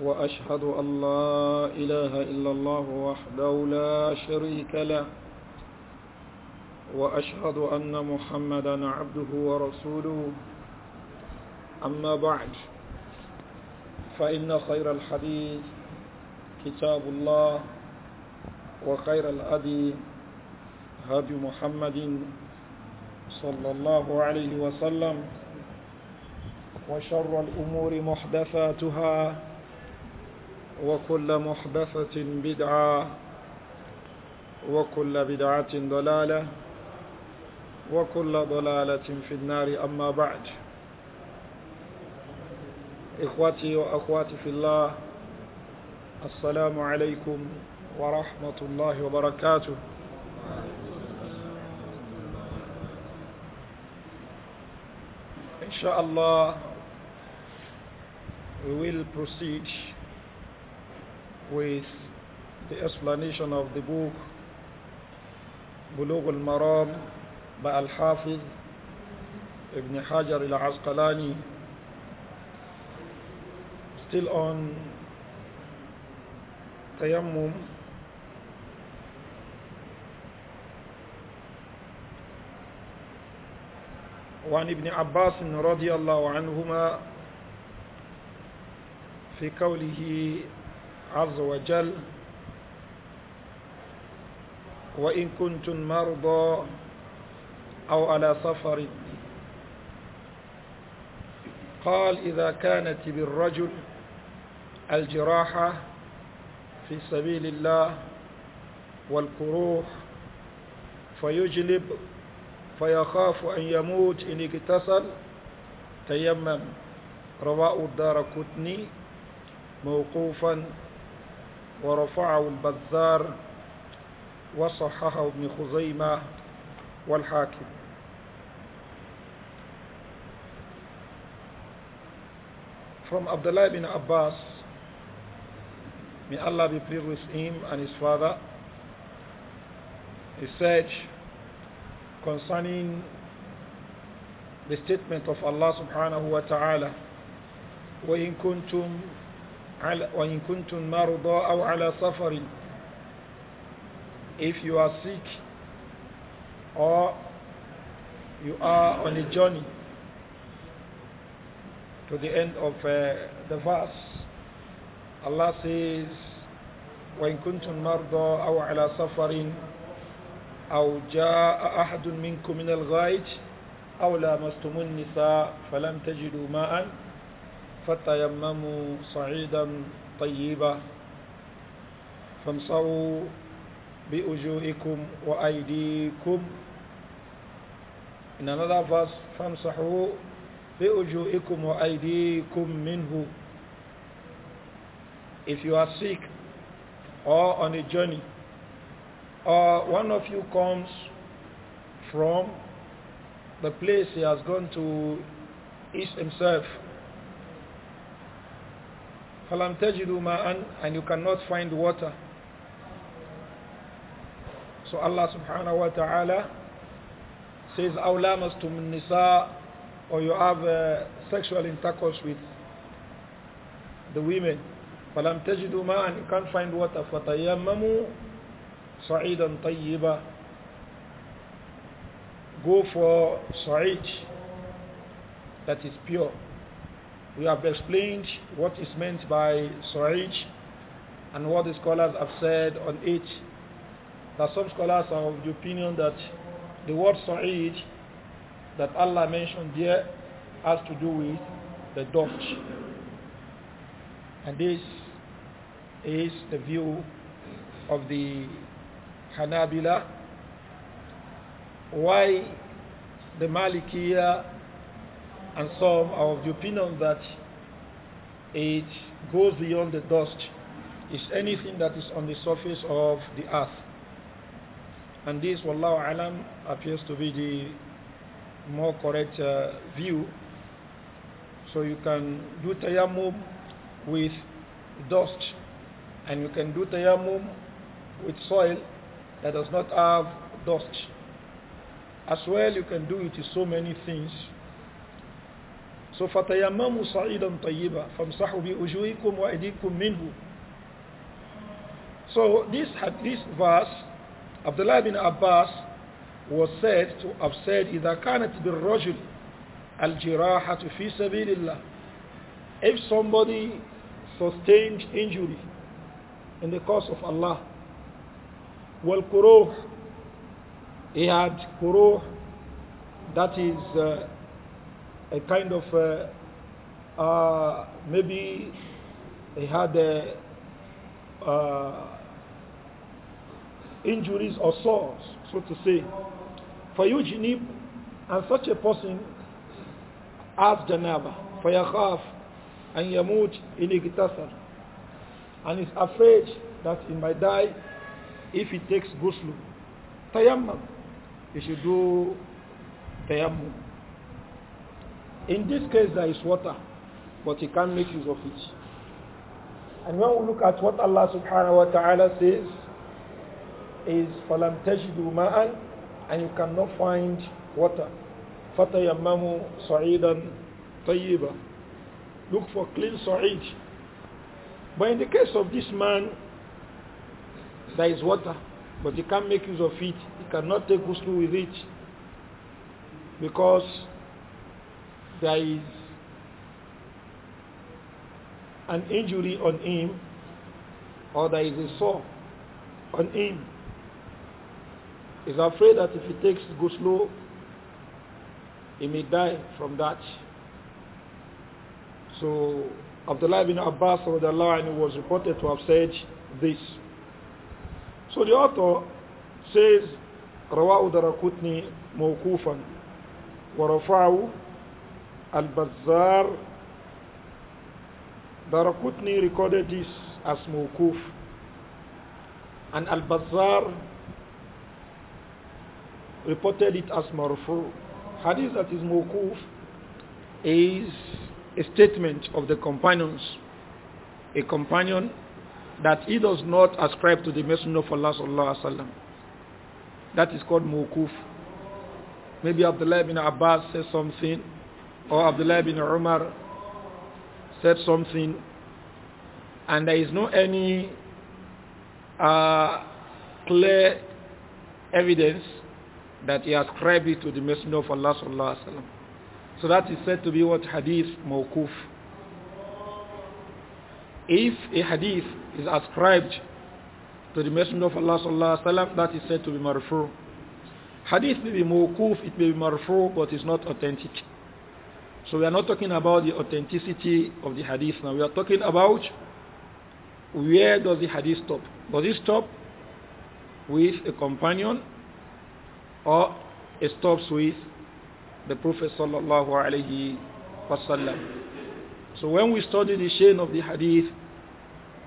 وأشهد أن لا إله إلا الله وحده لا شريك له وأشهد أن محمدا عبده ورسوله أما بعد فإن خير الحديث كتاب الله وخير الأدي هدي محمد صلى الله عليه وسلم وشر الأمور محدثاتها وكل محدثة بدعة وكل بدعة ضلالة وكل ضلالة في النار أما بعد إخوتي وأخواتي في الله السلام عليكم ورحمة الله وبركاته إن شاء الله we will proceed with the explanation of the book Bulugh al-Maram by Al-Hafiz Ibn Hajar al-Asqalani still on tayammum وعن ابن عباس رضي الله عنهما في قوله عز وجل وإن كنتم مرضى أو على سفر قال إذا كانت بالرجل الجراحة في سبيل الله والقروح فيجلب فيخاف أن يموت إن اكتسل تيمم رواء الدار كتني موقوفا ورفعه البزار وصححه ابن خزيمة والحاكم From Abdullah bin Abbas, may Allah be pleased with him and his father, he said concerning the statement of Allah subhanahu wa ta'ala, وَإِن كُنْتُمْ على وإن كنتم مرضى أو على سفر if you are sick or you are on a journey to the end of uh, the verse Allah says وإن كنتم مرضى أو على سفر أو جاء أحد منكم من الغائط أو لامستم النساء فلم تجدوا ماءً فتيمموا صعيدا طيبا فامصروا بوجوهكم وأيديكم بوجوهكم وأيديكم منه If you are sick or on a journey or one of you comes from the place he has gone to ease himself فَلَمْ تَجِدُوا مَاءً And you cannot find water. So Allah subhanahu wa ta'ala says, أَوْلَامَسْتُمْ النِّسَاء Or you have uh, sexual intercourse with the women. فَلَمْ تَجِدُوا مَاءً You can't find water. فَتَيَمَّمُوا صَعِيدًا طَيِّبًا Go for Sa'id that is pure. We have explained what is meant by Suraj and what the scholars have said on it. That some scholars are of the opinion that the word Suraj that Allah mentioned here has to do with the dust. And this is the view of the Hanabila. Why the Malikiyah and some are of the opinion that it goes beyond the dust. It's anything that is on the surface of the earth. And this, Wallahu Alam, appears to be the more correct uh, view. So you can do tayammum with dust and you can do tayammum with soil that does not have dust. As well, you can do it to so many things so فَتَيَمَّمُوا صَعِيدًا طَيِّبًا فَامْسَحُوا بِأُجُوِكُمْ وَأَيْدِيكُمْ minhu. So this, this verse, Abdullah bin Abbas was said to have said, إِذَا كَانَتْ بِالرَّجُلِ al فِي fi اللَّهِ If somebody sustained injury in the cause of Allah, وَالْكُرُوحِ He had kuruh, that is uh, a kind of uh, uh, maybe he had uh, uh, injuries or sores, so to say. For you, Jinib, and such a person as Janaba, فَيَخَافْ and يَمُوتْ إِنِ اغْتَسَلَ And is afraid that he might die if he takes ghusl. Tayammam. He should do tayammum. In this case, there is water, but you can't make use of it. And when we look at what Allah subhanahu wa ta'ala says, is فَلَمْ تَجِدُوا مَاءً and you cannot find water. yamamu صَعِيدًا طَيِّبًا Look for clean sa'id. But in the case of this man, there is water, but he can't make use of it. He cannot take ghusl with it because there is an injury on him or there is a sore on him. He's afraid that if he takes go slow, he may die from that. So Abdullah bin Abbas anhu, was reported to have said this. So the author says, رواه دركتني موقوفا ورفعه Al-Bazzar, Darakutni recorded this as Mukuf And Al-Bazzar reported it as Marfu. Hadith that is Mukuf is a statement of the companions. A companion that he does not ascribe to the Messenger of Allah sallallahu alaihi wasallam. That is called Mukuf Maybe Abdullah bin Abbas says something or Abdullah bin Umar said something and there is no any uh, clear evidence that he ascribed it to the Messenger of Allah sallallahu alaihi wasallam. So that is said to be what hadith mawkuf. If a hadith is ascribed to the Messenger of Allah sallallahu alaihi wasallam, that is said to be marfu. Hadith may be mawkuf, it may be marfu, but it's not authentic. So we are not talking about the authenticity of the hadith now. We are talking about where does the hadith stop? Does it stop with a companion or it stops with the Prophet sallallahu alaihi wasallam? So when we study the chain of the hadith,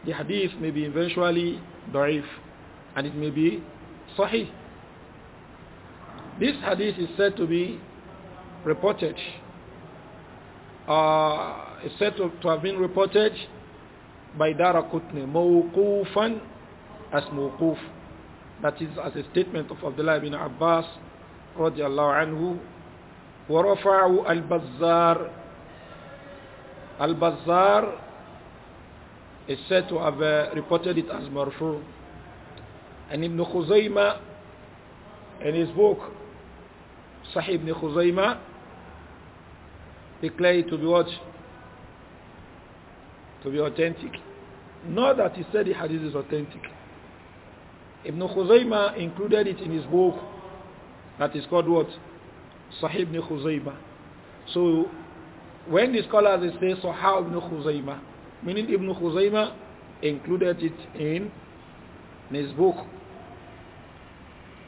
the hadith may be eventually da'if and it may be sahih. This hadith is said to be reported uh, is said to, to, have been reported by Dara Kutni, Mawqufan as Mawquf. That is as a statement of Abdullah ibn Abbas radiallahu anhu. ورفعه البزار البزار is said to have uh, reported it as marfu and Ibn Khuzaymah in his book Sahih Ibn Khuzaymah declare to be what? To be authentic. Not that he said the hadith is authentic. Ibn Khuzaima included it in his book that is called what? Sahib ibn Khuzaima. So when the scholars they say Sahih ibn Khuzaima, meaning Ibn Khuzaima included it in his book.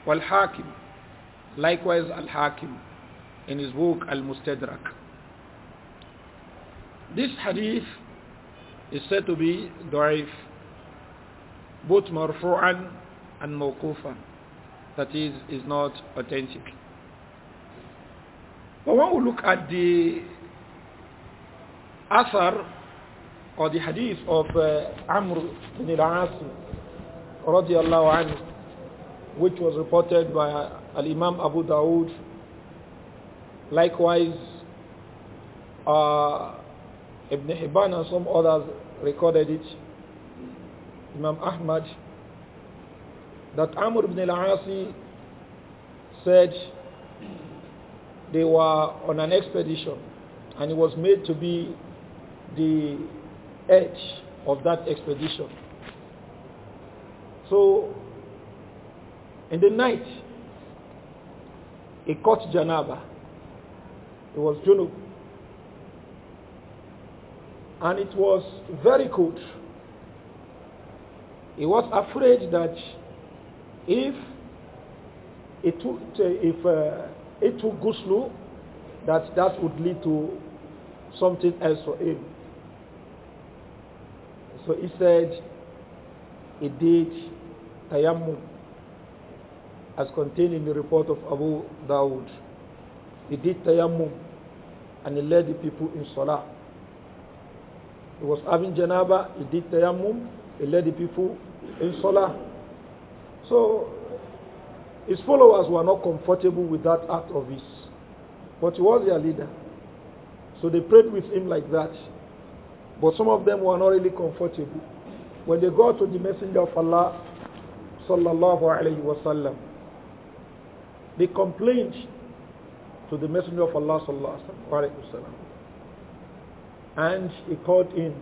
Wal Hakim, likewise Al Hakim in his book Al Mustadrak. This hadith is said to be da'if, both marfu'an and mawqufan. That is, is not authentic. But when we look at the athar or the hadith of uh, Amr ibn al-As radiallahu anhu, which was reported by al-Imam Abu Dawood, likewise uh, Ibn Hibban and some others recorded it. Imam Ahmad, that Amr ibn al-Asi said they were on an expedition and he was made to be the edge of that expedition. So in the night he caught Janaba. It was Junub and it was very cold. He was afraid that if it took, if uh, it took Guslu, that that would lead to something else for him. So he said he did tayammum as contained in the report of Abu Dawud. He did tayammum and he led the people in salah. He was having janaba, he did tayammum, he led the people in salah. So his followers were not comfortable with that act of his. But he was their leader. So they prayed with him like that. But some of them were not really comfortable. When they got to the messenger of Allah, sallallahu alayhi wasallam, they complained to the messenger of Allah, sallallahu alayhi wasallam. And he called him.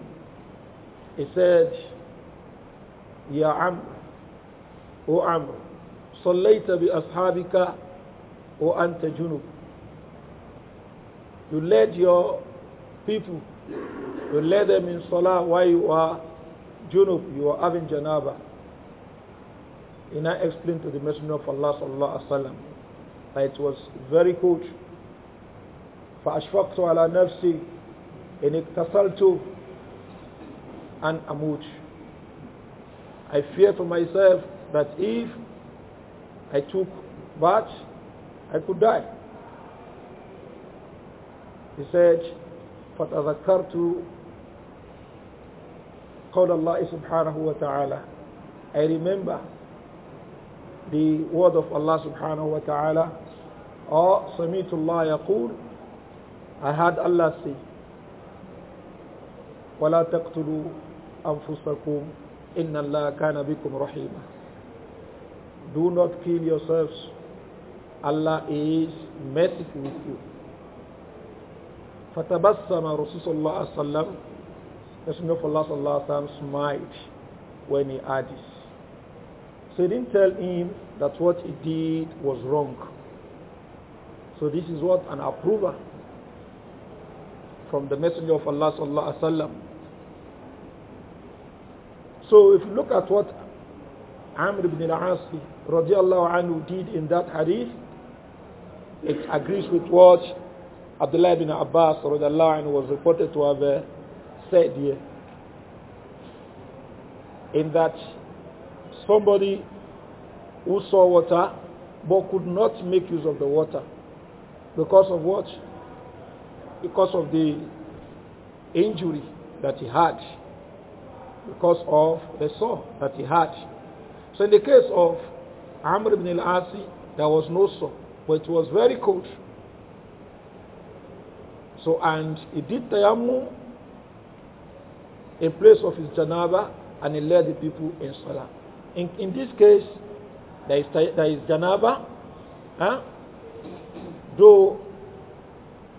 He said, Ya Amr, O Amr, Sallayta bi ashabika o anta junub. You led your people, you led them in salah while you are junub, you are having janaba. And I explained to the Messenger of Allah sallallahu alaihi wasallam that it was very cold. فأشفقت على نفسي إن اقتصلت and amuj, I fear for myself that if I took bath, I could die. He said, فَتَذَكَّرْتُ قول الله سبحانه وتعالى I remember the word of Allah subhanahu wa ta'ala or سمعت الله يقول I had Allah say ولا تقتلوا أنفسكم إن الله كان بكم رحيما Do not kill yourselves. Allah is merciful with you. فتبسم رسول صلى الله عليه وسلم smiled when he heard this. So he didn't tell him that what he did was wrong. So this is what an approver from the Messenger of Allah الله عليه وسلم. So if you look at what Amr ibn al-Asi radiallahu anhu did in that hadith, it agrees with what Abdullah ibn Abbas radiallahu anhu was reported to have uh, said here. In that somebody who saw water but could not make use of the water because of what? Because of the injury that he had because of the saw that he had. So in the case of Amr ibn al-Asi, there was no saw, but it was very cold. So and he did tayammum in place of his janaba and he led the people in salah. In, in this case, there is, there is janaba, huh? though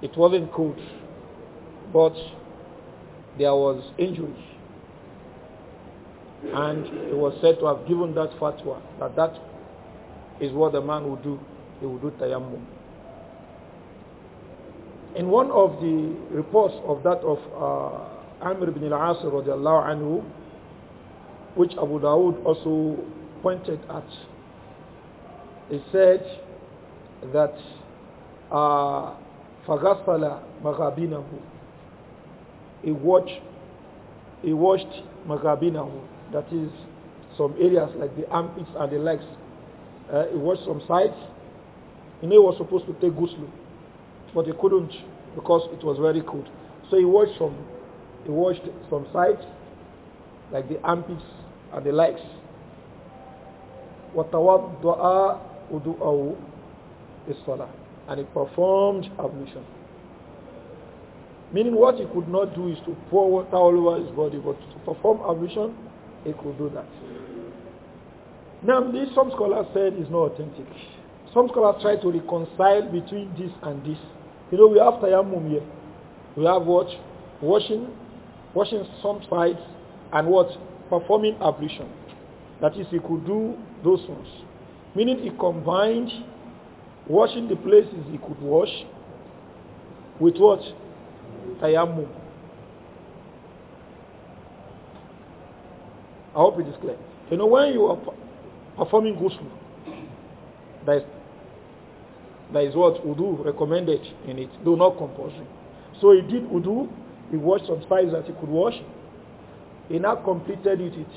it wasn't cold, but there was injury. And he was said to have given that fatwa, that that is what the man would do. He would do tayammum. In one of the reports of that of uh, Amr ibn al-As anhu, which Abu Dawud also pointed at, he said that uh, Maghabinahu. He washed, he washed Maghabinahu. That is some areas like the armpits and the legs. Uh, eh, he washed some sides. He knew he was supposed to take ghusl, but he couldn't because it was very cold. So he washed some, he washed some sides, like the armpits and the legs. وَتَوَضَّعَ أُدُؤَهُ الصَّلَاةِ And he performed ablution. Meaning what he could not do is to pour water all over his body, but to perform ablution, it could do that. Now, this some scholars said is not authentic. Some scholars try to reconcile between this and this. You know, we have tayammum here. We have what? Washing, washing some sides and what? Performing ablution. That is, he could do those ones. Meaning he combined washing the places he could wash with what? Tayammum. I hope it is clear. You know, when you are performing ghusl, there is, there is what udu recommended in it, though not compulsory. So he did udu, he washed some sides that he could wash. He now completed it, it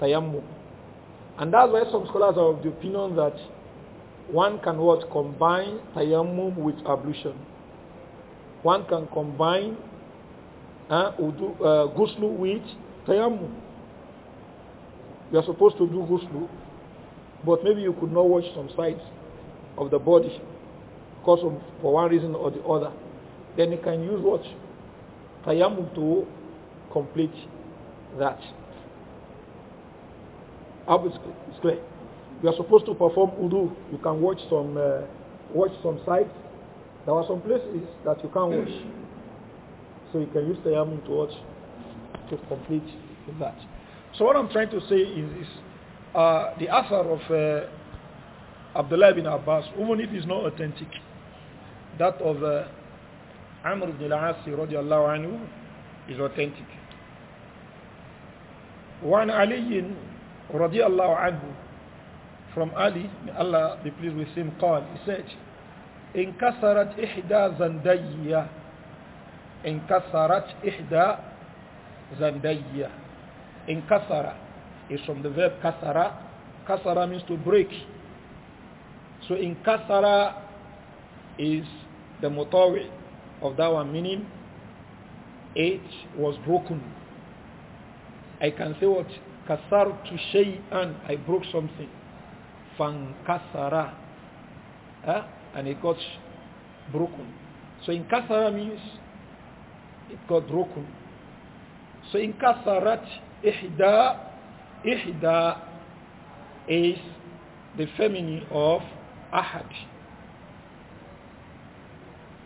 tayammum. And that's why some scholars are of the opinion that one can what? Combine tayammum with ablution. One can combine uh, udu, uh, ghusl with tayammum. You are supposed to do ghusl, but maybe you could not watch some sides of the body because of, for one reason or the other. Then you can use what? Tayammum to complete that. Obviously, it's clear. You are supposed to perform udu. You can watch some uh, watch some sites. There are some places that you can't watch. So you can use tayammum to watch to complete that. So what I'm trying to say is, is uh, the author of uh, Abdullah bin Abbas, even if it's not authentic, that of uh, Amr ibn al-Asi radiallahu anhu is authentic. One علي رضي الله عنه from Ali, may Allah be pleased with him, قال, he said, انكسرت إحدى زندية انكسرت إحدى زندية in kasara is from the verb kasara. Kasara means to break. So in kasara is the mutawi of that one meaning it was broken. I can say what? Kasar to shay'an. I broke something. Fan kasara. Huh? And it got broken. So in kasara means it got broken. So in kasarat Ihda, Ihda is the feminine of Ahad.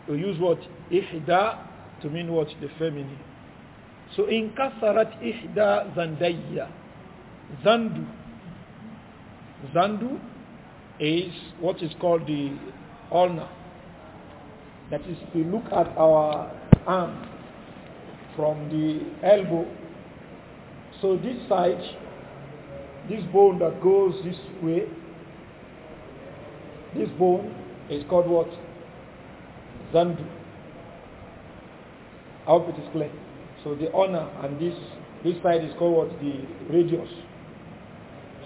We use what? Ihda to mean what? The feminine. So in kasarat ihda zandaya. Zandu. Zandu is what is called the ulna. That is, if you look at our arm from the elbow so this side, this bone that goes this way, this bone is called what? Zandu. I hope it is clear. So the honor and this this side is called what? The radius.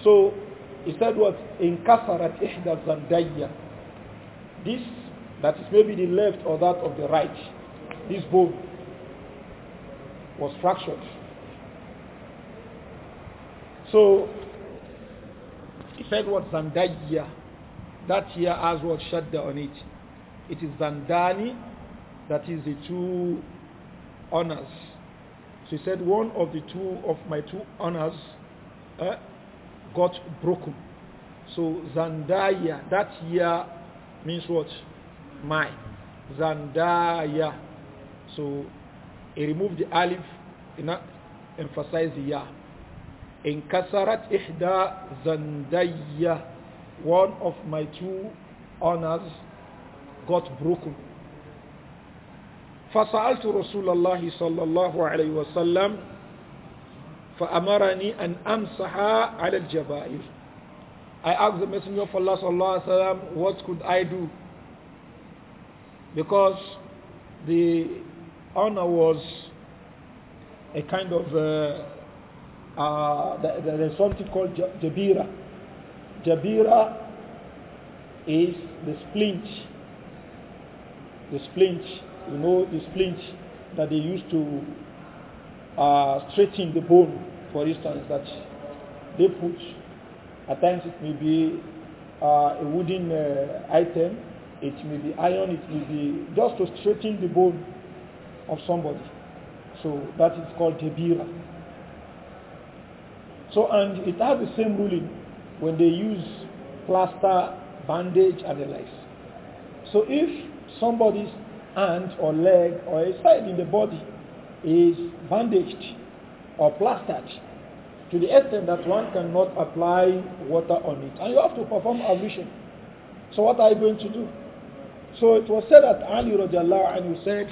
So he said what? In kasarat ihda zandaya. This that is maybe the left or that of the right. This bone was fractured. So if said what Zandaya. That year has what Shadda on it. It is Zandani, that is the two honors. So he said one of the two of my two honors uh, got broken. So Zandaya, that year means what? My. Zandaya. So he removed the alif, and emphasized the ya. Inkasarat ihda zandaya. One of my two honors got broken. فسألت رسول الله صلى الله عليه وسلم فأمرني أن أمسح على الجبائر I asked the messenger of Allah صلى الله عليه وسلم what could I do because the honor was a kind of uh, uh, there is something called jabira. Jabira is the splint. The splint, you know, the splint that they used to uh, straighten the bone, for instance, that they put. At times it may be uh, a wooden uh, item, it may be iron, it may be just to straighten the bone of somebody. So that is called jabira. So, and it has the same ruling when they use plaster, bandage, and the likes. So if somebody's hand or leg or a side in the body is bandaged or plastered to the extent that one cannot apply water on it, and you have to perform ablution. So what are you going to do? So it was said that Ali and you said,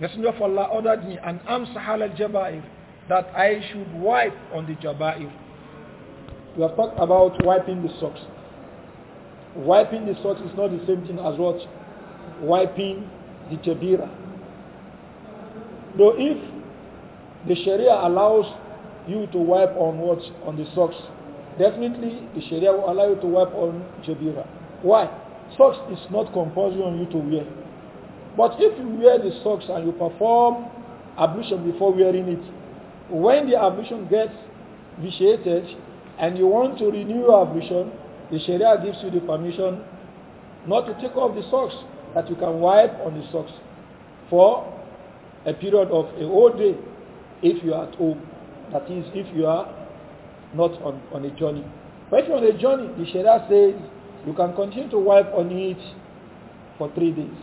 Messenger of Allah ordered me, and am sahal al that I should wipe on the jaba'ir. We have talked about wiping the socks. Wiping the socks is not the same thing as what? Wiping the jabira. Though if the Sharia allows you to wipe on what? On the socks, definitely the Sharia will allow you to wipe on jabira. Why? Socks is not compulsory on you to wear. But if you wear the socks and you perform ablution before wearing it, when the ablution gets vitiated and you want to renew your ablution, the Sharia gives you the permission not to take off the socks, that you can wipe on the socks for a period of a whole day if you are at home. That is, if you are not on, on a journey. But if you're on a journey, the Sharia says you can continue to wipe on it for three days.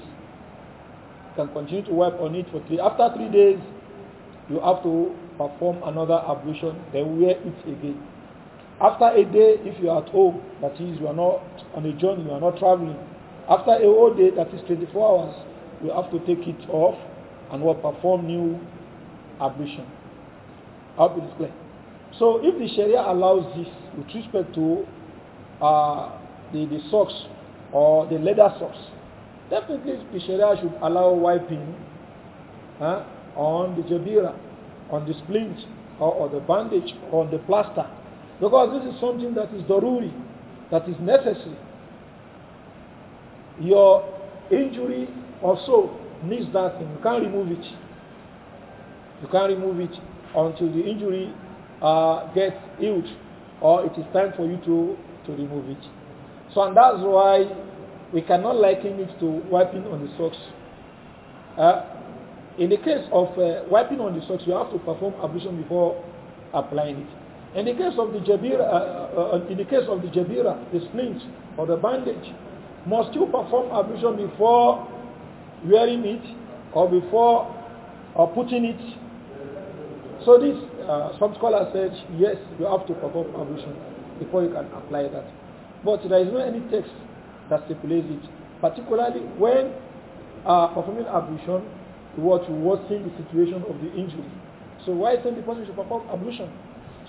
You can continue to wipe on it for three. After three days, you have to perform another ablution, then wear it again. After a day, if you are at home, that is, you are not on a journey, you are not traveling, after a whole day, that is 24 hours, you have to take it off and will perform new ablution. I hope it is clear. So if the Sharia allows this with respect to uh, the, the socks or the leather socks, definitely the Sharia should allow wiping huh, on the jabira on the splint or, or the bandage or the plaster. Because this is something that is daruri, that is necessary. Your injury also needs that thing. You can't remove it. You can't remove it until the injury uh, gets healed or it is time for you to, to remove it. So and that's why we cannot liken it to wiping on the socks. Uh, in the case of uh, wiping on the socks, you have to perform ablution before applying it. In the case of the jabira, uh, uh, uh in the case of the jabira, the splint or the bandage, must you perform ablution before wearing it or before uh, putting it? So this, uh, some scholars said, yes, you have to perform ablution before you can apply that. But there is no any text that stipulates it, particularly when performing ablution what worsen the situation of the injury. So why send the person to perform ablution?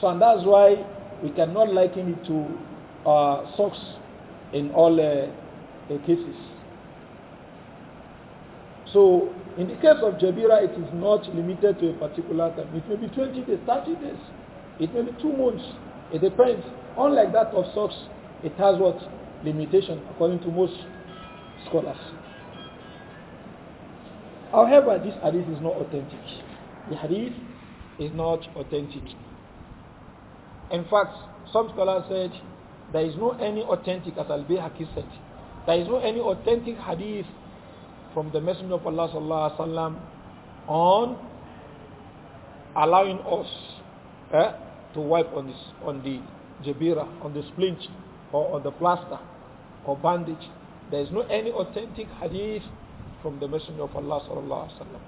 So and that's why we cannot liken it to uh, socks in all uh, uh, cases. So in the case of Jabira, it is not limited to a particular time. It may be 20 days, 30 days. It may be two months. It depends. Unlike that of socks, it has what? Limitation according to most scholars. However, this hadith is not authentic. The hadith is not authentic. In fact, some scholars said there is no any authentic, as Al-Bayhaqi said, there is no any authentic hadith from the Messenger of Allah sallallahu alaihi wasallam on allowing us eh, to wipe on, this, on the jabira, on the splint, or on the plaster, or bandage. There is no any authentic hadith from the Messenger of Allah sallallahu alaihi wasallam.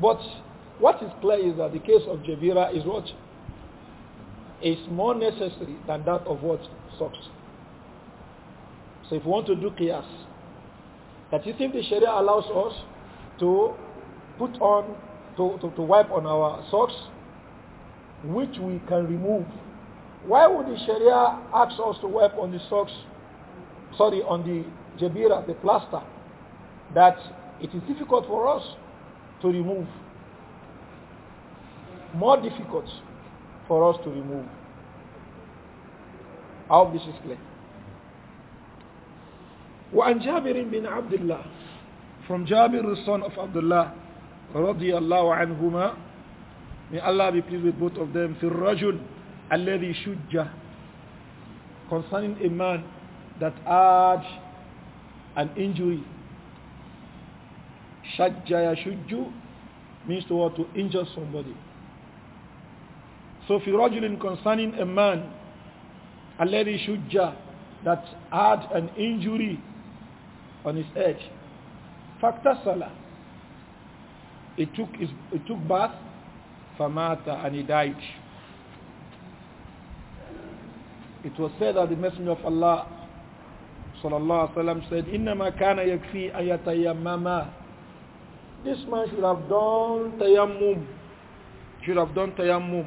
But what is clear is that the case of Jabira is what is more necessary than that of what socks. So if we want to do qiyas, you if the Sharia allows us to put on, to, to, to wipe on our socks, which we can remove, why would the Sharia ask us to wipe on the socks, sorry, on the jabira, the plaster, that it is difficult for us to remove. More difficult for us to remove. I hope this is clear. وعن جابر بن عبد الله from Jabir the son of Abdullah رضي الله عنهما may Allah be pleased with both of them في الرجل الذي شجه concerning a man that urged an injury. Shajaya shujju means to what? To injure somebody. So fi rajulin concerning a man, lady shujja, that had an injury on his head. Faktasala. He took, his, he took bath, famata, and he died. It was said that the Messenger of Allah sallallahu alaihi wasallam said, "Innama kana yakfi ayatayammama." This man should have done tayammum. Should have done tayammum.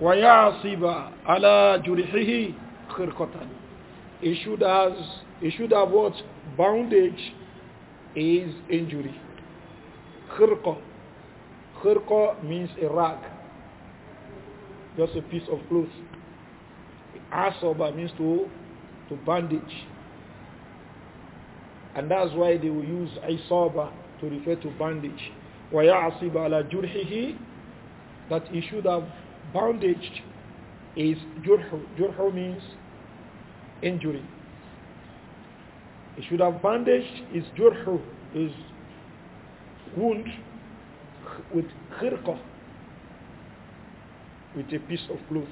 وَيَعْصِبَ عَلَى جُرِحِهِ خِرْقَةً He should have, he should have what? Bondage is injury. Khirqa. Khirqa means a rag. Just a piece of cloth. Asoba means to, to bandage. And that's why they will use asoba to refer to bandage. وَيَعْصِبَ عَلَى جُرْحِهِ That he should have bandaged is jurhu. Jurhu means injury. He should have bandaged his jurhu, his wound, with khirqa, with a piece of cloth.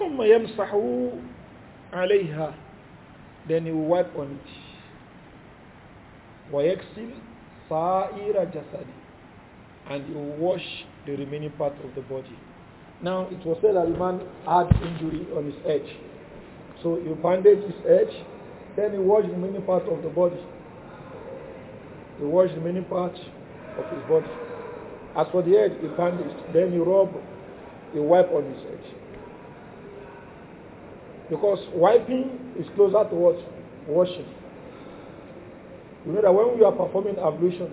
ثم يمسح عليها then he will wipe on it ويغسل سائر and he will wash the remaining part of the body now it was said that the man had injury on his edge so you bandage his edge then he washed the remaining part of the body he washed the remaining part of his body as for the edge he bandaged then he rub he wipe on his edge because wiping is closer to what? Washing. You know that when we are performing ablution,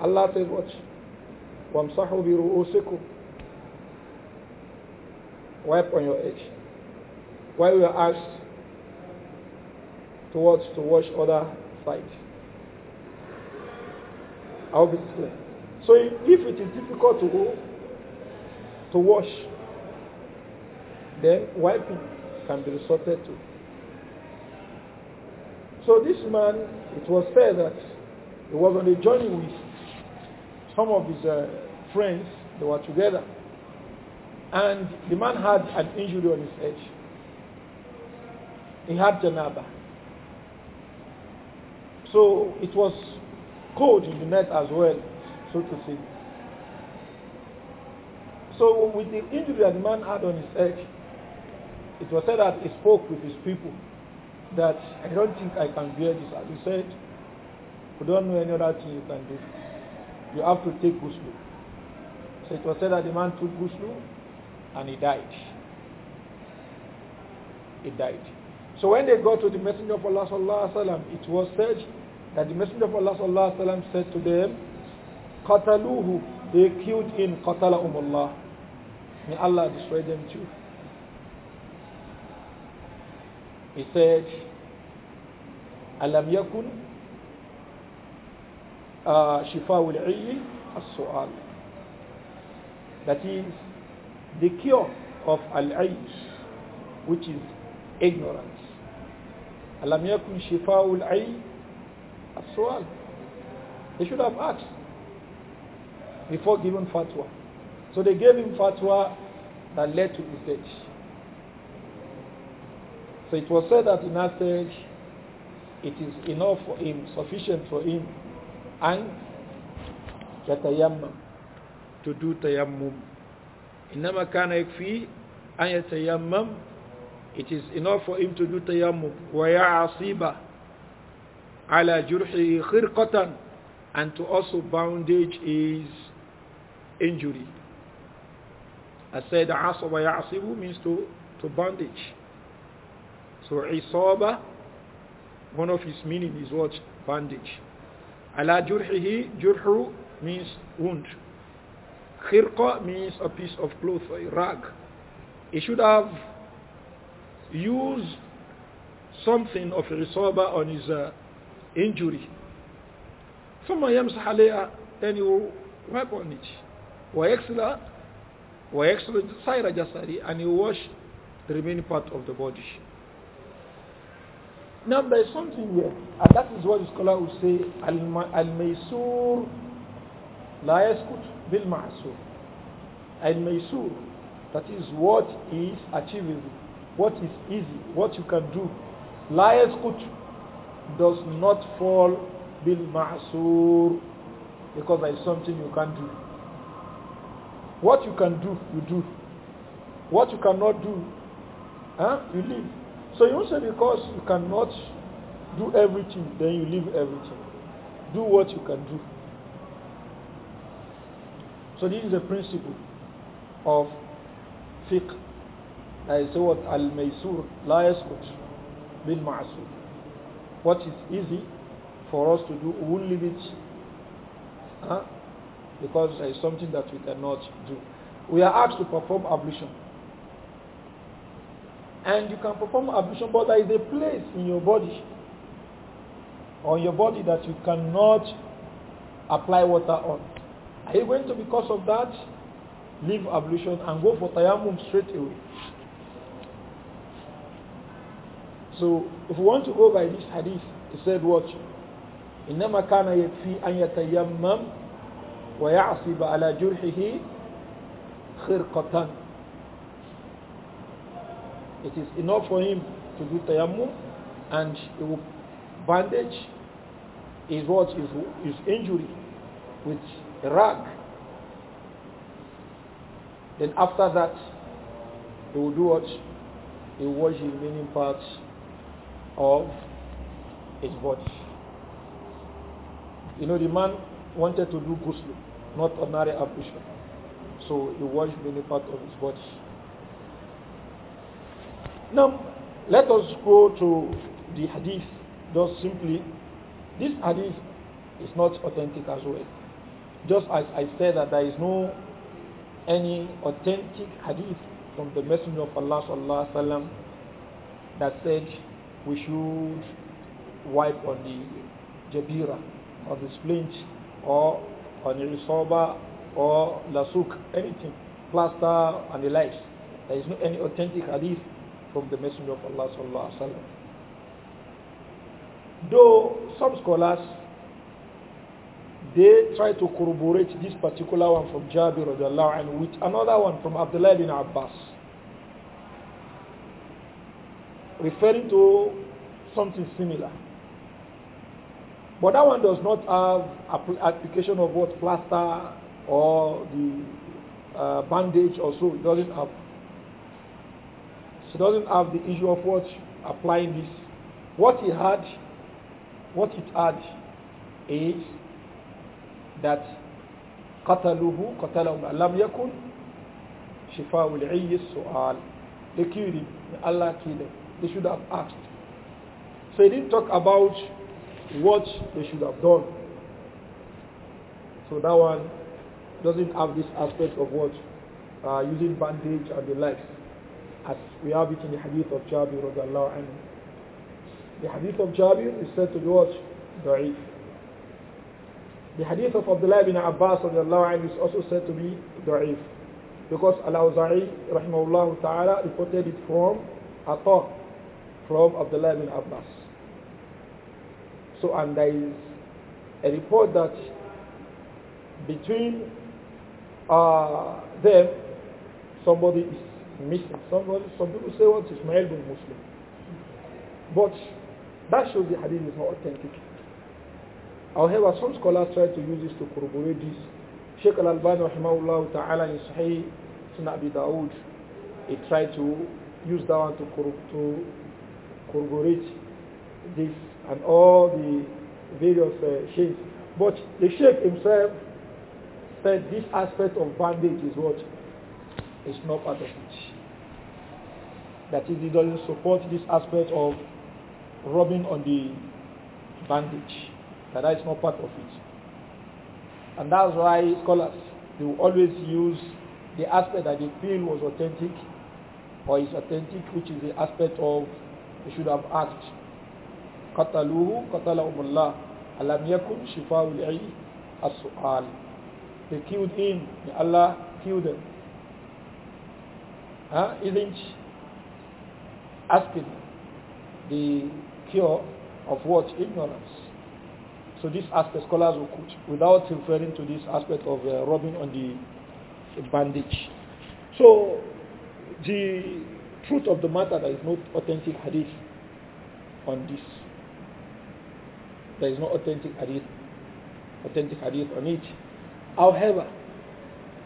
Allah says what? وَامْسَحُوا بِرُؤُوسِكُمْ Wipe on your edge. While we are asked towards to wash other side. I'll be clear. So if it is difficult to go to wash, then wiping can be resorted to. So this man, it was said that he was on a journey with some of his uh, friends. They were together. And the man had an injury on his head. He had janaba. So it was cold in the night as well, so to say. So with the injury that the man had on his head, it was said that he spoke with his people that I don't think I can bear this. And he said, we don't know any other thing you can do. You have to take Guslu. So it was said that the man took Guslu and he died. He died. So when they got to the Messenger of Allah sallallahu alaihi wasallam, it was said that the Messenger of Allah sallallahu alaihi wasallam said to them, "Qataluhu." They killed him. Qatala umullah. May Allah destroy them too. He said, أَلَمْ shifa شِفَاءُ الْعِيِّ السؤال. That is the cure of al-ayy, which is ignorance. أَلَمْ shifa شِفَاءُ الْعِيِّ السؤال. They should have asked before giving fatwa. So they gave him fatwa that led to his death. So it was said that in that stage, it is enough for him, sufficient for him, and yatayammam, to do tayammum. إنما كان يكفي أن يتيمم it is enough for him to do tayammum ويعصيب ala جرحه khirqatan, and to also bandage his injury I said عصب يعصب means to, to bandage so isaba, one of his meaning is what? Bandage. Ala jurhihi, jurhu means wound. Khirqa means a piece of cloth, a rag. He should have used something of isaba on his uh, injury. ثم يمسح عليها then he will wipe on it. ويغسل ويغسل سائر jasari, and he wash the remaining part of the body. Now there is something here, and that is what the scholar will say, Al-Maysur la yaskut bil-Ma'sur. ma'asur. that is what is achievable, what is easy, what you can do. La yaskut does not fall bil ma'asur because there is something you can't do. What you can do, you do. What you cannot do, huh? you leave. So you say because you cannot do everything, then you leave everything. Do what you can do. So this is a principle of fiqh. I say what al-maysur la yaskut bil ma'asur. What is easy for us to do, we will leave it. Huh? Because it's something that we cannot do. We are asked to perform ablution and you can perform ablution, but there is a place in your body on your body that you cannot apply water on. Are you going to, because of that, leave ablution and go for tayammum straight away? So, if you want to go by this hadith, he said what? إنما كان يكفي أن يتيمم ويعصب على جرحه خرقة it is enough for him to do tayammum and he will bandage his what is his injury with a rag. Then after that, he will do what? He will wash the remaining parts of his body. You know, the man wanted to do ghusl, not ordinary ablution. So he washed many parts of his body. Now, let us go to the hadith just simply. This hadith is not authentic as well. Just as I said that there is no any authentic hadith from the Messenger of Allah sallallahu that said we should wipe on the jabira or the splint or on the risoba or lasuk, anything, plaster and the likes. There is no any authentic hadith from the Messenger of Allah sallallahu alaihi wasallam. Though some scholars they try to corroborate this particular one from Jabir al-Dalal and with another one from Abdullah bin Abbas referring to something similar. But that one does not have application of what plaster or the uh, bandage or so. It doesn't have. He doesn't have the issue of what applying this. What he had, what it had is that قتلوه قتلهم لم يكن شفاء العي السؤال they killed him Allah killed him they should have asked so he didn't talk about what they should have done so that one doesn't have this aspect of what uh, using bandage and the like as we have it in the hadith of Jabir radiallahu anhu. The hadith of Jabir is said to be what? Da'if. The hadith of Abdullah ibn Abbas radiallahu anhu is also said to be da'if. Because Al-Awza'i rahimahullah ta'ala reported it from Atta, from Abdullah ibn Abbas. So and there is a report that between uh, them somebody is missing. Somebody, some people say "What is Ismail bin Muslim. But that shows the hadith is not authentic. However, some scholars try to use this to corroborate this. Sheikh Al-Albani rahimahullah ta'ala in Sahih Sunnah Abi Dawood, he tried to use that one to, corroborate this and all the various uh, But the sheikh himself said this aspect of bandage is what is not part of it. That is, it doesn't support this aspect of rubbing on the bandage. that is not part of it. And that's why scholars, they will always use the aspect that they feel was authentic or is authentic, which is the aspect of they should have asked. قتلوه قتلهم الله ألم يكن شفاء العي السؤال They killed him. May Allah killed them. Huh? Isn't asking the cure of what? Ignorance. So this aspect scholars will quote without referring to this aspect of uh, rubbing on the bandage. So the truth of the matter there is no authentic hadith on this. There is no authentic hadith, authentic hadith on it. However,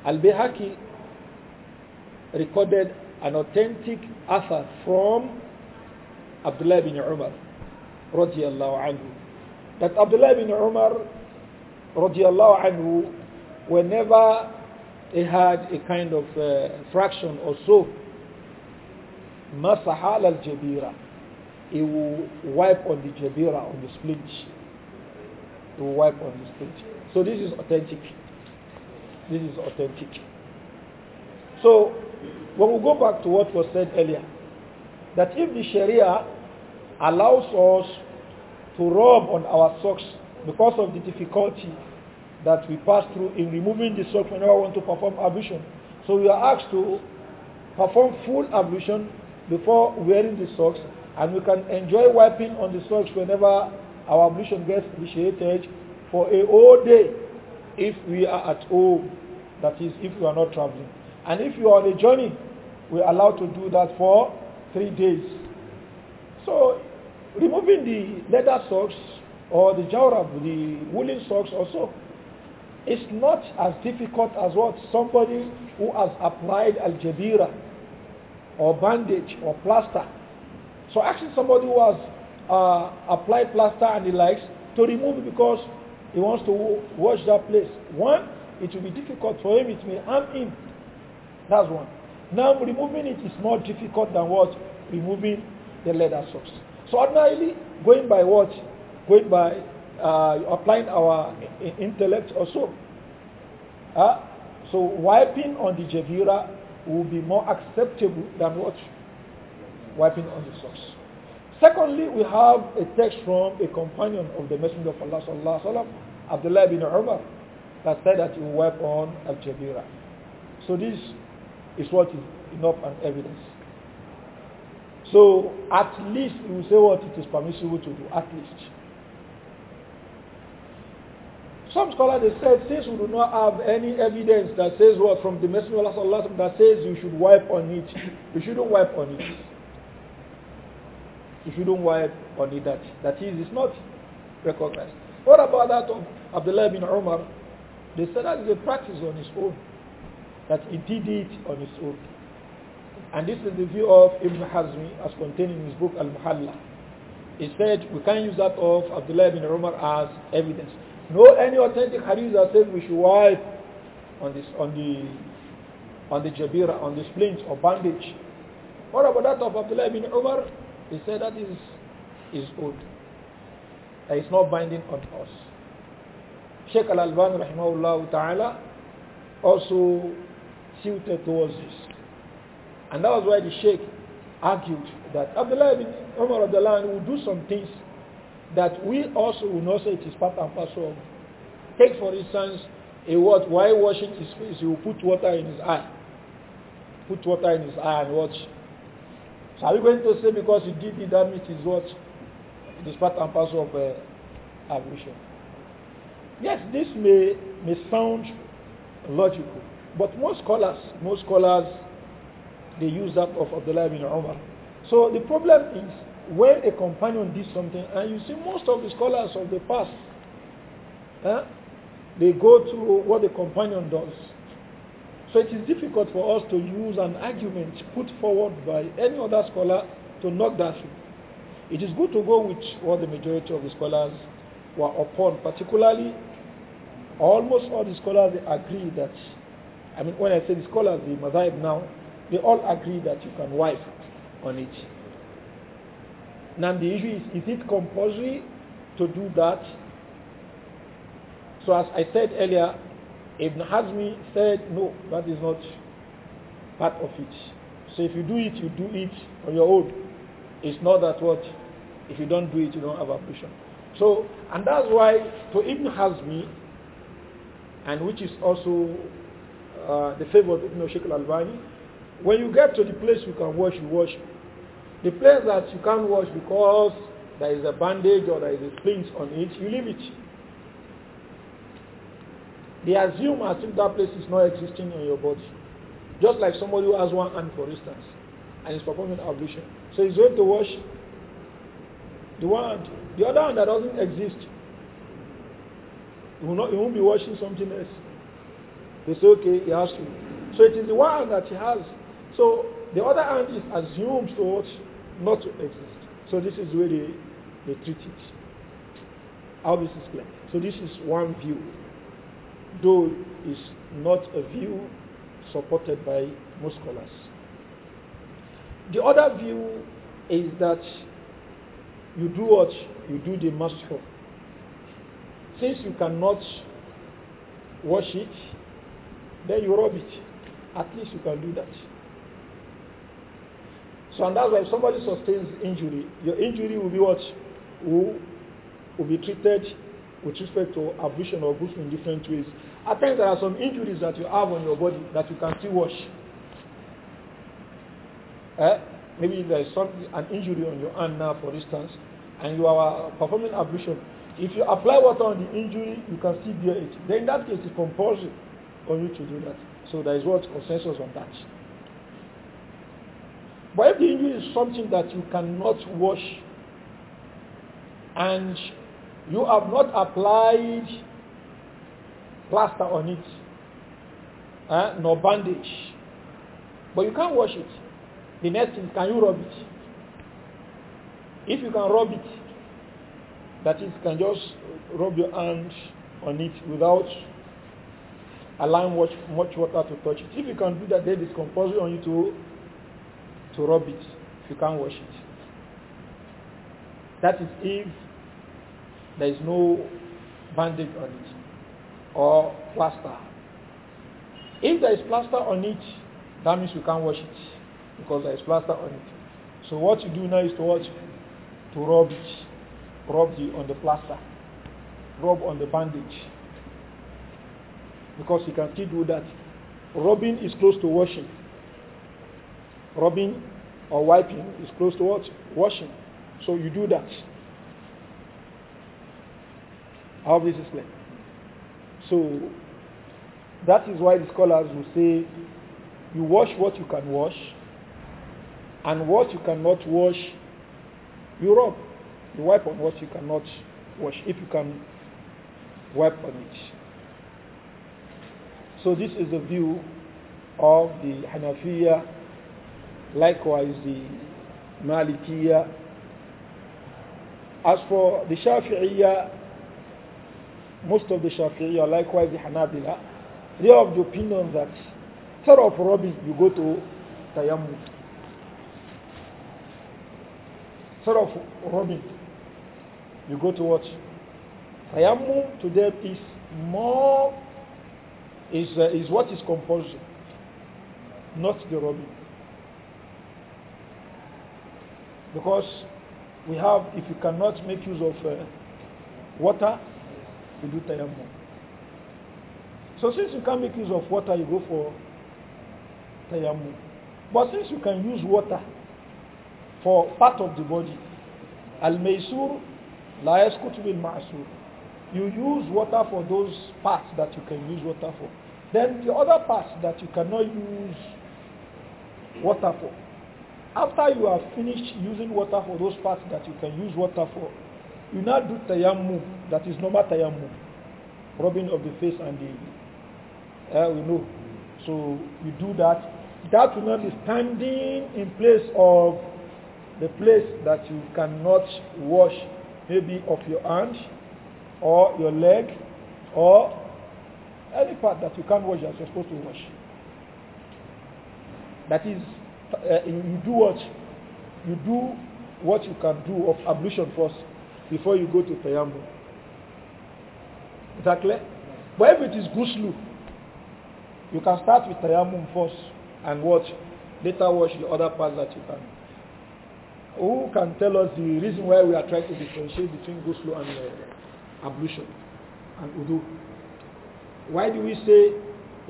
Al-Bihaki recorded an authentic asar from Abdullah bin Umar radiallahu anhu. That Abdullah bin Umar radiallahu anhu, whenever he had a kind of uh, fraction or so, masahal al jabira, he will wipe on the jabira, on the splint. He will wipe on the splint. So this is authentic. This is authentic. So but we'll go back to what was said earlier. That if the Sharia allows us to rub on our socks because of the difficulty that we pass through in removing the socks whenever we want to perform ablution. So we are asked to perform full ablution before wearing the socks and we can enjoy wiping on the socks whenever our ablution gets initiated for a whole day if we are at home, that is if we are not traveling. And if you are on a journey, we're allowed to do that for three days. So removing the leather socks or the jawrab, the woolen socks also, it's not as difficult as what somebody who has applied al or bandage or plaster. So actually somebody who has uh, applied plaster and the likes to remove it because he wants to wash that place. One, it will be difficult for him, it may harm him. That's one. Now removing it is more difficult than what removing the leather socks. So ordinarily, going by what? Going by uh, applying our uh, intellect also. Uh, so wiping on the jebira will be more acceptable than what? Wiping on the socks. Secondly, we have a text from a companion of the Messenger of Allah sallallahu alaihi wasallam, Abdullah bin Umar, that said that you wipe on al-jabira. So this is what is enough and evidence. So at least you will say what it is permissible to do, at least. Some scholars they said since we do not have any evidence that says what from the Messenger of Allah that says you should wipe on it, you shouldn't wipe on it. You shouldn't wipe on it. That that is it's not recognized. What about that of Abdullah bin Umar? They said that is a practice on his own that he did it on his own. And this is the view of Ibn Hazmi as contained in his book Al-Muhalla. He said we can use that of Abdullah ibn Umar as evidence. No any authentic hadith that says we should wipe on this on the on the jabira, on the splint or bandage. What about that of Abdullah ibn Umar? He said that is is old. That is not binding on us. Sheikh Al-Alban rahimahullah ta'ala also tilted towards this. And that was why the Sheikh argued that Abdullah ibn Umar of the land will do some things that we also will not say it is part and parcel of. Take for instance a what while washing his face he will put water in his eye. Put water in his eye and watch. So are we going to say because he did it that means his what? It is part and parcel of uh, ablution. Yes, this may, may sound logical. But most scholars, most scholars, they use that of Abdullah bin Umar. So the problem is when a companion did something, and you see most of the scholars of the past, eh, they go to what the companion does. So it is difficult for us to use an argument put forward by any other scholar to knock that It is good to go with what the majority of the scholars were upon, particularly almost all the scholars agree that I mean, when I say the scholars, the Mazahib now, they all agree that you can wipe on it. Now the issue is, is it compulsory to do that? So as I said earlier, Ibn Hazmi said, no, that is not part of it. So if you do it, you do it on your own. It's not that what, if you don't do it, you don't have ablution. So, and that's why to Ibn Hazmi, and which is also uh, the favor of Ibn Sheikh al-Albani. When you get to the place you can wash, you wash. The place that you can't wash because there is a bandage or there is a splint on it, you leave it. They assume as if that place is not existing in your body. Just like somebody who has one hand, for instance, and is performing ablution. So he's going to wash the one hand. The other hand that doesn't exist, he will, not, you won't be washing something else. They say, okay, he has to. So it is the one that he has. So the other hand is assumed to what? Not to exist. So this is where they, they treat it. How this is clear. So this is one view. Though it's not a view supported by most scholars. The other view is that you do what? You do the master. Since you cannot wash it, then you rub it. At least you can do that. So and that's why if somebody sustains injury, your injury will be what? Will, will be treated with respect to abrasion or bruise in different ways. I think there are some injuries that you have on your body that you can still wash. Eh? Maybe there is some, an injury on your hand now, for instance, and you are performing abrasion. If you apply water on the injury, you can still bear it. Then in that case, it's compulsory for you to do that. So there is what consensus on that. But if the injury is something that you cannot wash and you have not applied plaster on it, eh, nor bandage, but you can't wash it. The next thing, can you rub it? If you can rub it, that is, you can just rub your hand on it without Allow much, much water to touch it. If you can do that, then it's compulsory on you to, to rub it if you can't wash it. That is if there is no bandage on it or plaster. If there is plaster on it, that means you can't wash it because there is plaster on it. So what you do now is to watch to rub it, rub the, on the plaster, rub on the bandage because you can still do that. Rubbing is close to washing. Rubbing or wiping is close to what? Washing. So you do that. I hope this is clear. So that is why the scholars will say you wash what you can wash and what you cannot wash you rub. You wipe on what you cannot wash if you can wipe on it. So this is the view of the Hanafiya, likewise the Malikiya. As for the Shafi'iyya, most of the Shafi'iyya, likewise the Hanabila, they are of the opinion that instead of rubbish, you go to Tayammum. Instead of rubbing, you go to what? Tayammum to them is more is, uh, is what is composed, not the rubbing, Because we have, if you cannot make use of uh, water, you do tayammum. So since you can't make use of water, you go for tayammum. But since you can use water for part of the body, al-maysur la yaskutu bil-ma'sur you use water for those parts that you can use water for. Then the other parts that you cannot use water for. After you have finished using water for those parts that you can use water for, you now do tayammum, that is normal tayammum, rubbing of the face and the, uh, we know. So you do that. That will not be standing in place of the place that you cannot wash, maybe of your hands or your leg or any part that you can't wash as you're supposed to wash. That is, uh, you do what you do what you can do of ablution first before you go to tayammum. Is that clear? But if it is Guslu, you can start with tayammum first and watch. Later watch the other parts that you can. Who can tell us the reason why we are trying to differentiate between Guslu and uh, ablution and Udu. Why do we say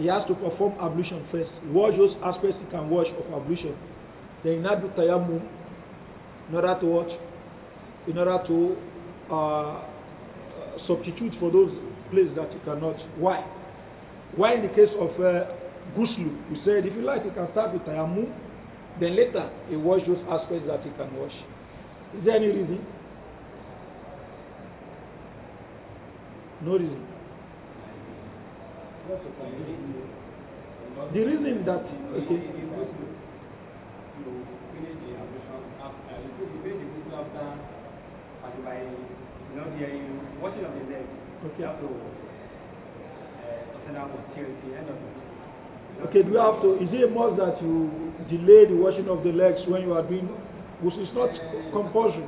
he has to perform ablution first? Wash those aspects he can wash of ablution. Then not do tayammum in order to watch, in order to uh, substitute for those places that he cannot. Why? Why in the case of uh, Guslu, we said if you like you can start with tayamu, then later he wash those aspects that he can wash. Is there any reason? No reason. The reason that okay. Okay, do you have to? Is it a must that you delay the washing of the legs when you are doing, which is not compulsory?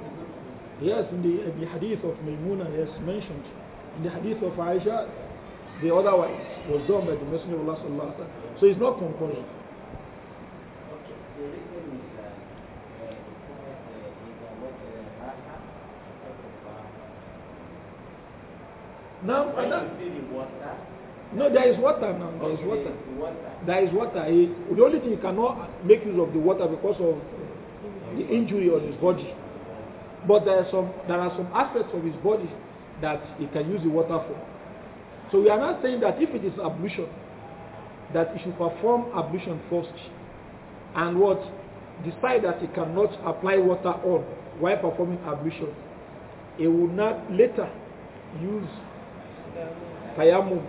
Yes, in the, in the hadith of Maimuna, yes, mentioned the hadith of Aisha, the other one was done by the Messenger of Allah sallallahu alaihi wasallam. So it's not compulsory. Uh, uh, uh, now, no, there is water now. There is water. There is water. He, the only thing he cannot make use of the water because of the injury on his body. But there are some there are some aspects of his body that he can use the water for. So we are not saying that if it is ablution, that he should perform ablution first and what despite that he cannot apply water on while performing ablution. He will not later use tayammum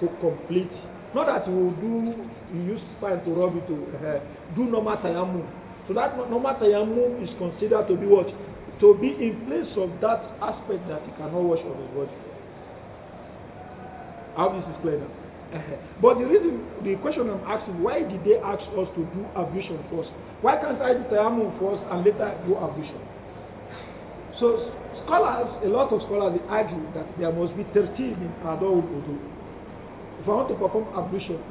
to complete. Not that he will do, he use fine to rub it to uh, do normal tayammum. So that normal tayammum is considered to be what? to be in place of that aspect that he cannot wash off his body. How this is clear now. but the reason, the question I'm asking, why did they ask us to do ablution first? Why can't I do tayammum first and later do ablution? So scholars, a lot of scholars they argue that there must be 13 in adult wudu. If I want to perform ablution,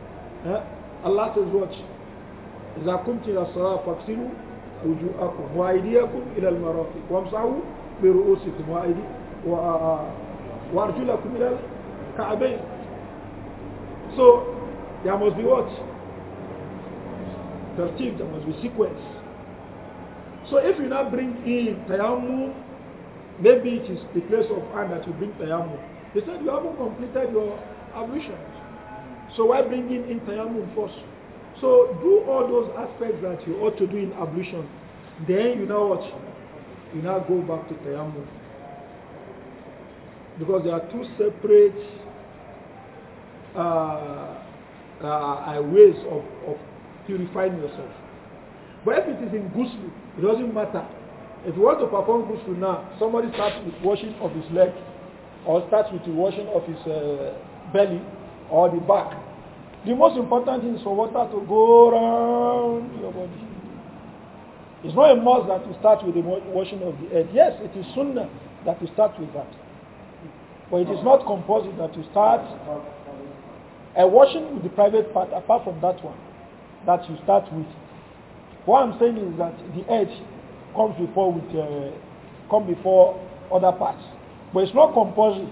eh, Allah says, watch, إذا كنت إلى الصلاة فاغسلوا وجوهكم وأيديكم إلى المرافق وامسحوا برؤوسكم وأيدي و... وأرجلكم إلى الكعبين So there must be what? Tertib, there must be sequence. So if you now bring in tayammum, maybe it is the place of hand that you bring tayammum. They said you haven't completed your ablution. So why bring in tayammum first? So do all those aspects that you ought to do in ablution. Then you now what? You now go back to tayammum. Because there are two separate uh, uh, uh, ways of, of purifying yourself. But if it is in ghusl, it doesn't matter. If you want to perform ghusl now, somebody starts with washing of his leg, or starts with the washing of his uh, belly, or the back, the most important thing is for water to go around your body. It's not a must that you start with the washing of the head. Yes, it is sunnah that you start with that. But it is not compulsory that you start a washing with the private part apart from that one that you start with. What I'm saying is that the edge comes before with uh, come before other parts. But it's not compulsory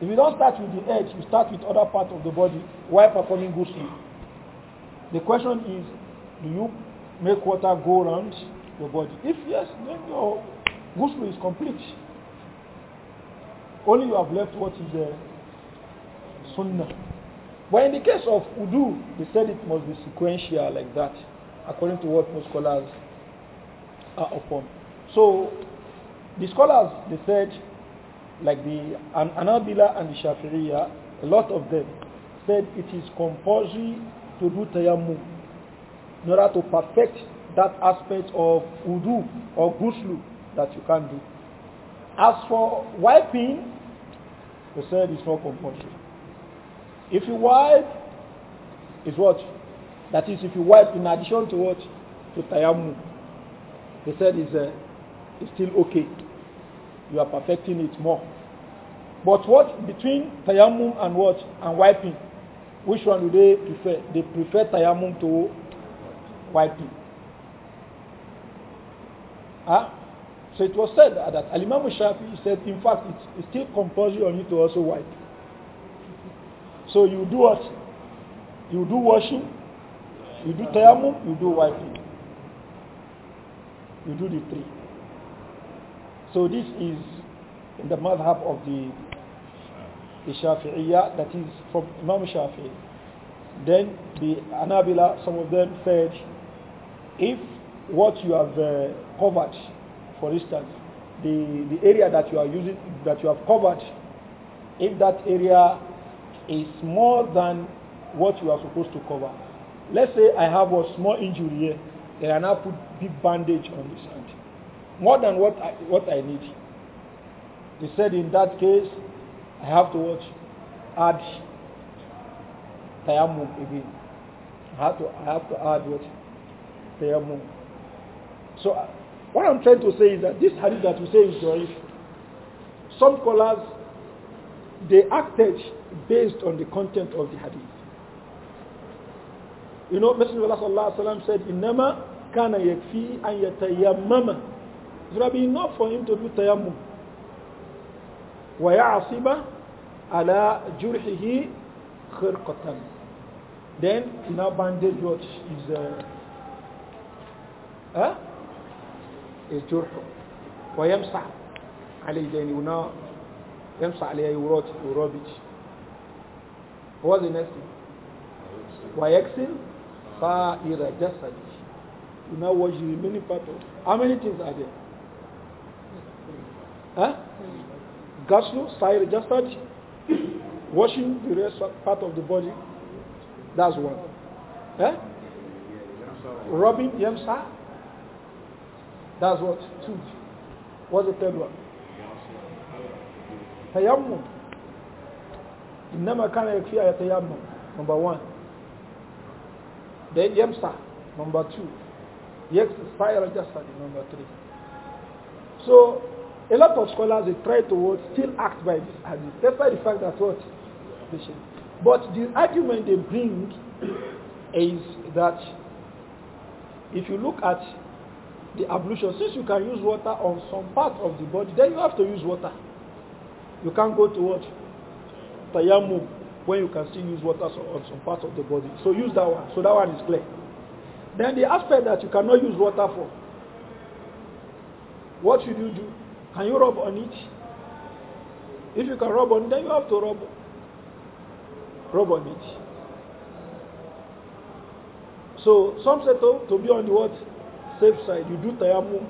if you don't start with the head, you start with other parts of the body while performing ghusl. The question is, do you make water go around your body? If yes, then your ghusl is complete. Only you have left what is the uh, sunnah. But in the case of udu, they said it must be sequential like that, according to what most scholars are upon. So the scholars they said like the Anabila and the Shafi'iyya, a lot of them said it is compulsory to do tayammum in order to perfect that aspect of wudu or guslu that you can do. As for wiping, they said it's not compulsory. If you wipe, it's what? That is, if you wipe in addition to what? To tayammum. They said it's, uh, it's still okay you are perfecting it more. But what between tayammum and what and wiping, which one do they prefer? They prefer tayammum to wiping. Huh? Ah, so it was said that Alimam Shafi said, in fact, it's, it's still compulsory on you to also wipe. So you do what? You do washing, you do tayammum, you do wiping. You do the three. So this is in the madhab of the, the Shafi'iyya, that is from Imam Shafi'i. Then the Anabila, some of them said, if what you have uh, covered, for instance, the, the area that you are using, that you have covered, if that area is more than what you are supposed to cover. Let's say I have a small injury here, then I now put big bandage on this more than what I, what I need. He said, in that case, I have to watch, add tayammum again. I have to, I have to add what? Tayammum. So uh, what I'm trying to say is that this hadith that we say is joyous, some scholars, they acted based on the content of the hadith. You know, Messenger of Allah said, إِنَّمَا كَانَ يَكْفِي أَنْ يَتَيَمَّمَ It would have been enough for him to do tayammum. وَيَعْصِبَ عَلَى جُرْحِهِ خِرْقَةً Then he now bandage what is uh, huh? is جُرْحُ وَيَمْسَحْ عليه then he will now يمسح عليه he will rub it. What was the next thing? وَيَكْسِلْ سَائِرَ جَسَدِهِ You now wash the remaining part of How many things are there? Huh? Ghaslu, Sair, just touch. Washing the rest part of the body. That's one. Huh? Rubbing, Yamsa. That's what? Two. What's the third one? Tayammum. Innama kana yakfiya yatayammum. Number one. Then Yamsa. Number two. Yes, Sair, just number three. So a lot of scholars they try to what, still act by this hadith, despite the fact that what But the argument they bring is that if you look at the ablution, since you can use water on some part of the body, then you have to use water. You can't go to what? Tayammum, when you can still use water on some part of the body. So use that one. So that one is clear. Then the aspect that you cannot use water for, what should you do? Can you rub on it? If you can rub on it, then you have to rub, rub on it. So some say to, to be on the what? Safe side, you do tayammum.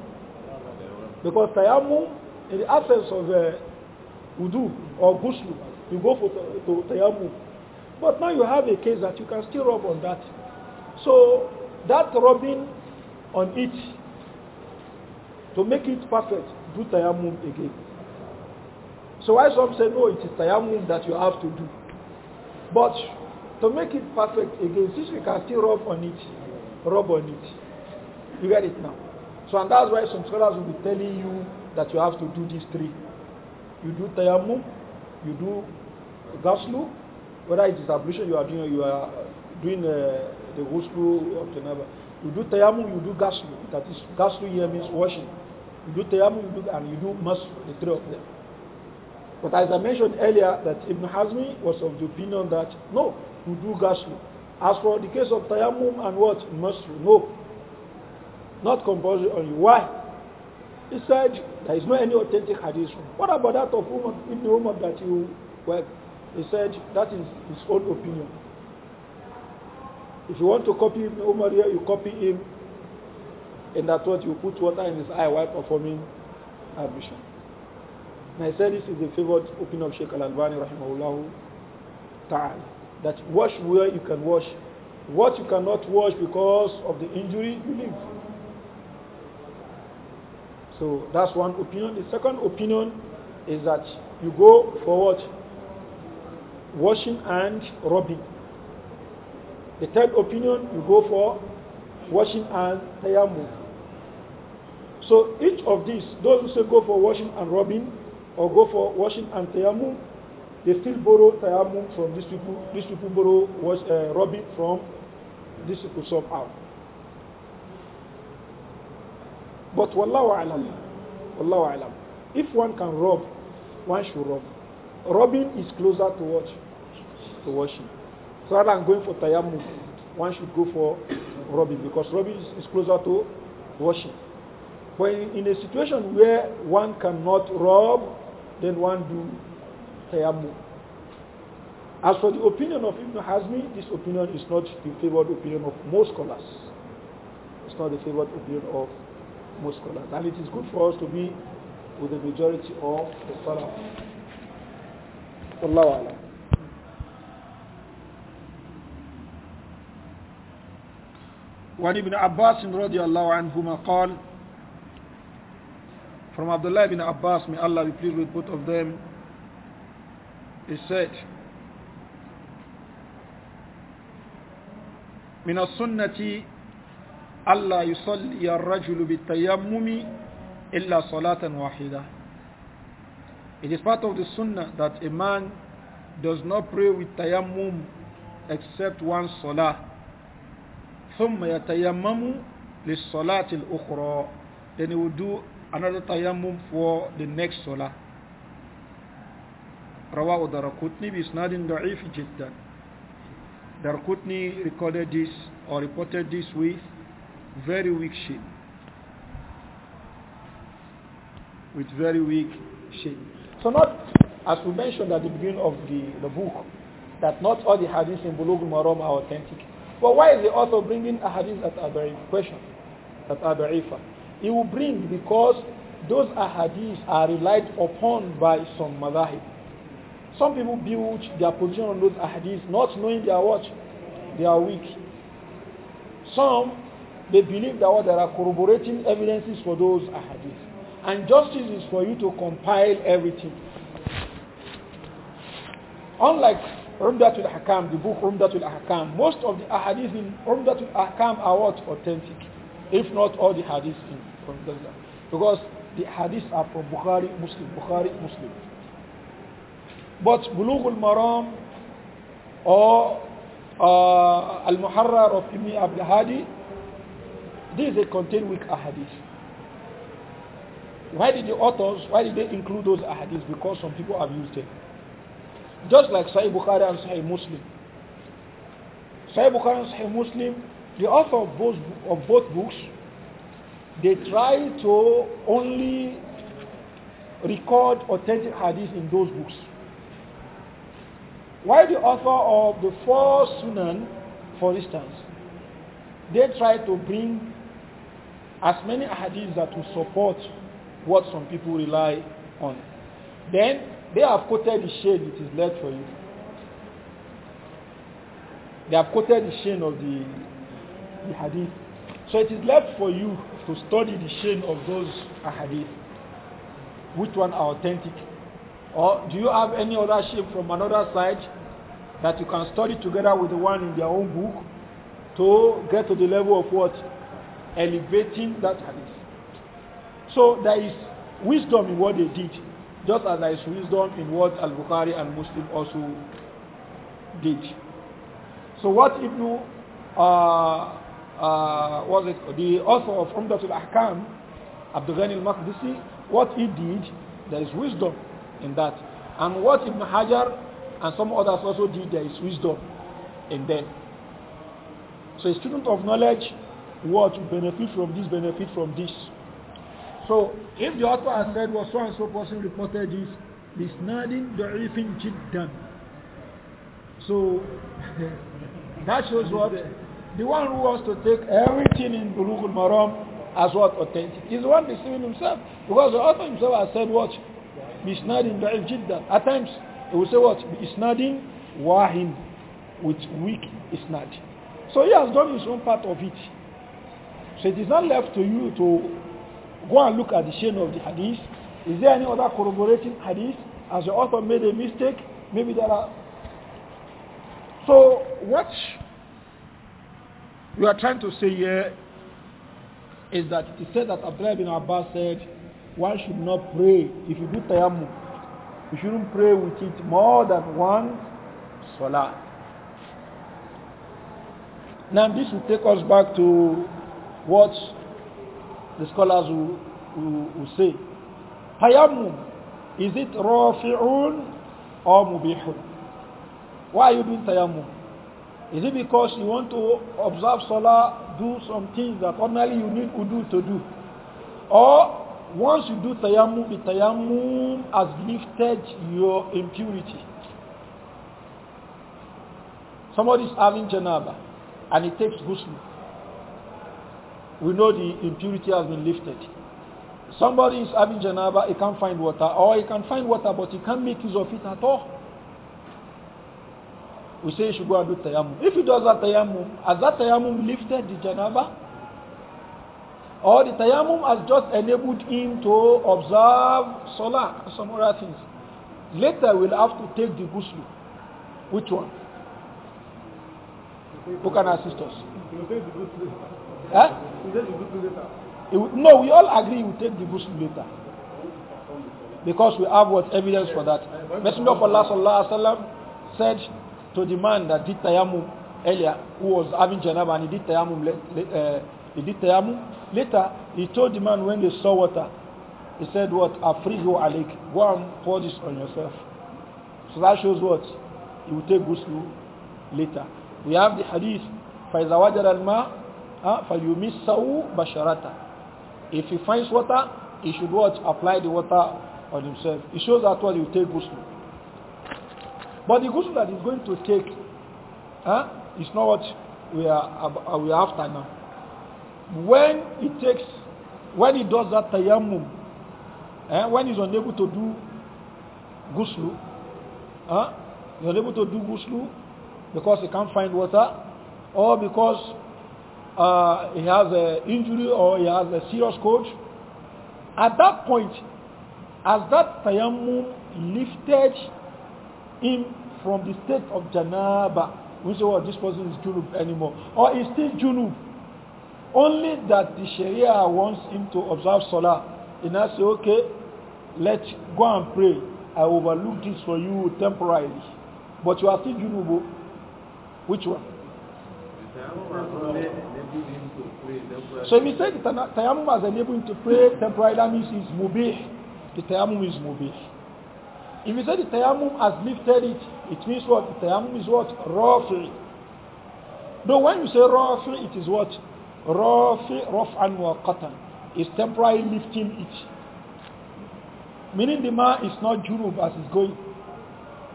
Because tayammum, in the absence of uh, wudu or Guslu, you go for to, to But now you have a case that you can still rub on that. So that rubbing on it to make it perfect do tayammum again. So why some say, no, it is tayammum that you have to do. But to make it perfect again, since we can still rub on it, rub on it. You get it now? So and that's why some scholars will be telling you that you have to do these three. You do tayammum, you do ghusl, whether it is ablution you are doing, you are doing uh, the ghusl of the never. You do tayammum, you do ghusl. That is, ghusl here means washing you do tayammum, you do, and you do mass, the three of them. But as I mentioned earlier, that Ibn Hazmi was of the opinion that no, you do ghusl. As for the case of tayammum and what? Masru, no. Not compulsory on you. Why? He said there is no any authentic hadith. What about that of Umar, Ibn Umar that you well he said that is his own opinion. If you want to copy Ibn Umar here, you copy him and that what you put water in his eye while performing ablution. And I said this is the favorite opinion of Sheikh Al-Albani rahimahullah ta'ala. That wash where you can wash. What you cannot wash because of the injury, you leave. So that's one opinion. The second opinion is that you go for what? Washing and rubbing. The third opinion, you go for washing and tayammum. So each of these, those who say go for washing and rubbing or go for washing and tayammum, they still borrow tayammum from these people. These people borrow wash, uh, rubbing from these people somehow. But wallahu alam, wallahu alam. If one can rub, one should rub. Rubbing is closer to what? To washing. So rather than going for tayammum, one should go for rubbing because rubbing is, is closer to washing. When in a situation where one cannot rob, then one do tayammum. As for the opinion of Ibn Hazmi, this opinion is not the favored opinion of most scholars. It's not the favored opinion of most scholars. And it is good for us to be with the majority of the Allah وعن ابن عباس رضي الله عنهما قال from Abdullah bin Abbas, may Allah be pleased with both of them, he said, من السنة ألا يصلي الرجل بالتيمم إلا صلاة واحدة It is part of the sunnah that a man does not pray with tayammum except one salah. ثم يتيمم للصلاة الأخرى Then he will do another tayammum for the next salah. رواه الدرقطني بإسناد ضعيف جدا. Darakutni recorded this or reported this with very weak shin. With very weak shin. So not, as we mentioned at the beginning of the, the book, that not all the hadiths in Bulugh Maram are authentic. But why is the author bringing a hadith that are very question, that are he will bring because those ahadith are relied upon by some madhahib. Some people build their position on those ahadith not knowing they are what? They are weak. Some, they believe that what there are corroborating evidences for those ahadith. And justice is for you to compile everything. Unlike Umdatul Hakam, the book Umdatul Hakam, most of the ahadith in Umdatul Hakam are what? Authentic if not all the hadiths from Gaza. Because the hadiths are from Bukhari, Muslim, Bukhari, Muslim. But Bulugh al-Maram or uh, Al-Muharrar of Ibn Abd Hadi, these they contain weak ahadith. Why did the authors, why did they include those ahadith? Because some people have used them. Just like Sahih Bukhari and Sahih Muslim. Sahih Bukhari and Sahih Muslim the author of both, of both books, they try to only record authentic hadith in those books. While the author of the four Sunan, for instance, they try to bring as many hadiths that will support what some people rely on. Then they have quoted the shade which is left for you. They have quoted the shade of the the hadith. So it is left for you to study the chain of those hadith. Which one are authentic? Or do you have any other shape from another side that you can study together with the one in their own book to get to the level of what? Elevating that hadith. So there is wisdom in what they did, just as there is wisdom in what Al Bukhari and Muslim also did. So what Ibn uh, uh, was it the author of Umdatul Ahkam, Abdul Ghani al-Maqdisi, what he did, there is wisdom in that. And what Ibn Hajar and some others also did, there is wisdom in them. So a student of knowledge, what to benefit from this, benefit from this. So if the author has said, well, so and so person reported this, this nadin da'ifin jiddan. So that shows what the one who wants to take everything in Bulugh al-Maram as what authentic is the one deceiving himself. Because the author himself has said what? Misnadin da'if jiddan. At times, he will say what? Bisnadin wahin. With weak isnad. So he has done his own part of it. So it is not left to you to go and look at the chain of the hadith. Is there any other corroborating hadith? Has the author made a mistake? Maybe there are. So watch. We are trying to say here is is that it said that Abdullah bin Abbas said, one should not pray. If you do tayammum, you shouldn't pray with it more than one salah. Now this will take us back to what the scholars will, will, will say. Tayammum, is it rafi'un or mubihun? Why are you doing tayammum? Is it because you want to observe Salah, do some things that ordinarily you need Udu to do? Or once you do Tayammum, the Tayammum has lifted your impurity. Somebody is having Janaba and he takes Ghusl. We know the impurity has been lifted. Somebody is having Janaba, he can't find water, or he can find water but he can't make use of it at all. we say you should go and do tayammum. If he does that tayammum, has that tayammum lifted the janaba? Or the tayammum has just enabled him to observe salah and some other things. Later we'll have to take the ghusl. Which one? Who can assist us? Huh? No, we all agree we take the ghusl later because we have what evidence for that. Messenger of Allah sallallahu alaihi wasallam said to the man that did tayammum earlier who was having janaba and he did tayammum, uh, he did Later, he told the man when they saw water, he said what? Afrihu alik. Go and pour this on yourself. So that shows what? He will take ghusl later. We have the hadith, فَإِذَا al الْمَاءَ فَلْيُمِسَّهُ basharata. If he finds water, he should what? Apply the water on himself. It shows that what you take ghusl. But the ghusl that is going to take huh, is not what we are, uh, we are after now. When it takes, when he does that tayammum, eh, when he's unable to do ghusl, huh, he's unable to do ghusl because he can't find water or because uh, he has an injury or he has a serious cold. At that point, as that tayammum lifted him from the state of Janaba. We say, well, this person is Junub anymore. Or is still Junub. Only that the Sharia wants him to observe Salah. And I say, okay, let's go and pray. I overlook this for you temporarily. But you are still Junub. Oh. Which one? So if you say the tayammum has enabled him to pray temporarily, that means he's mubih. The tayammum is mubih. If you say the tayammum has lifted it, it means what? The tayammum is what? Rafi. No, when you say rafi, it is what? Rafi, raf'an wa qatan. It's temporary lifting it. Meaning the man is not jurub as it's going.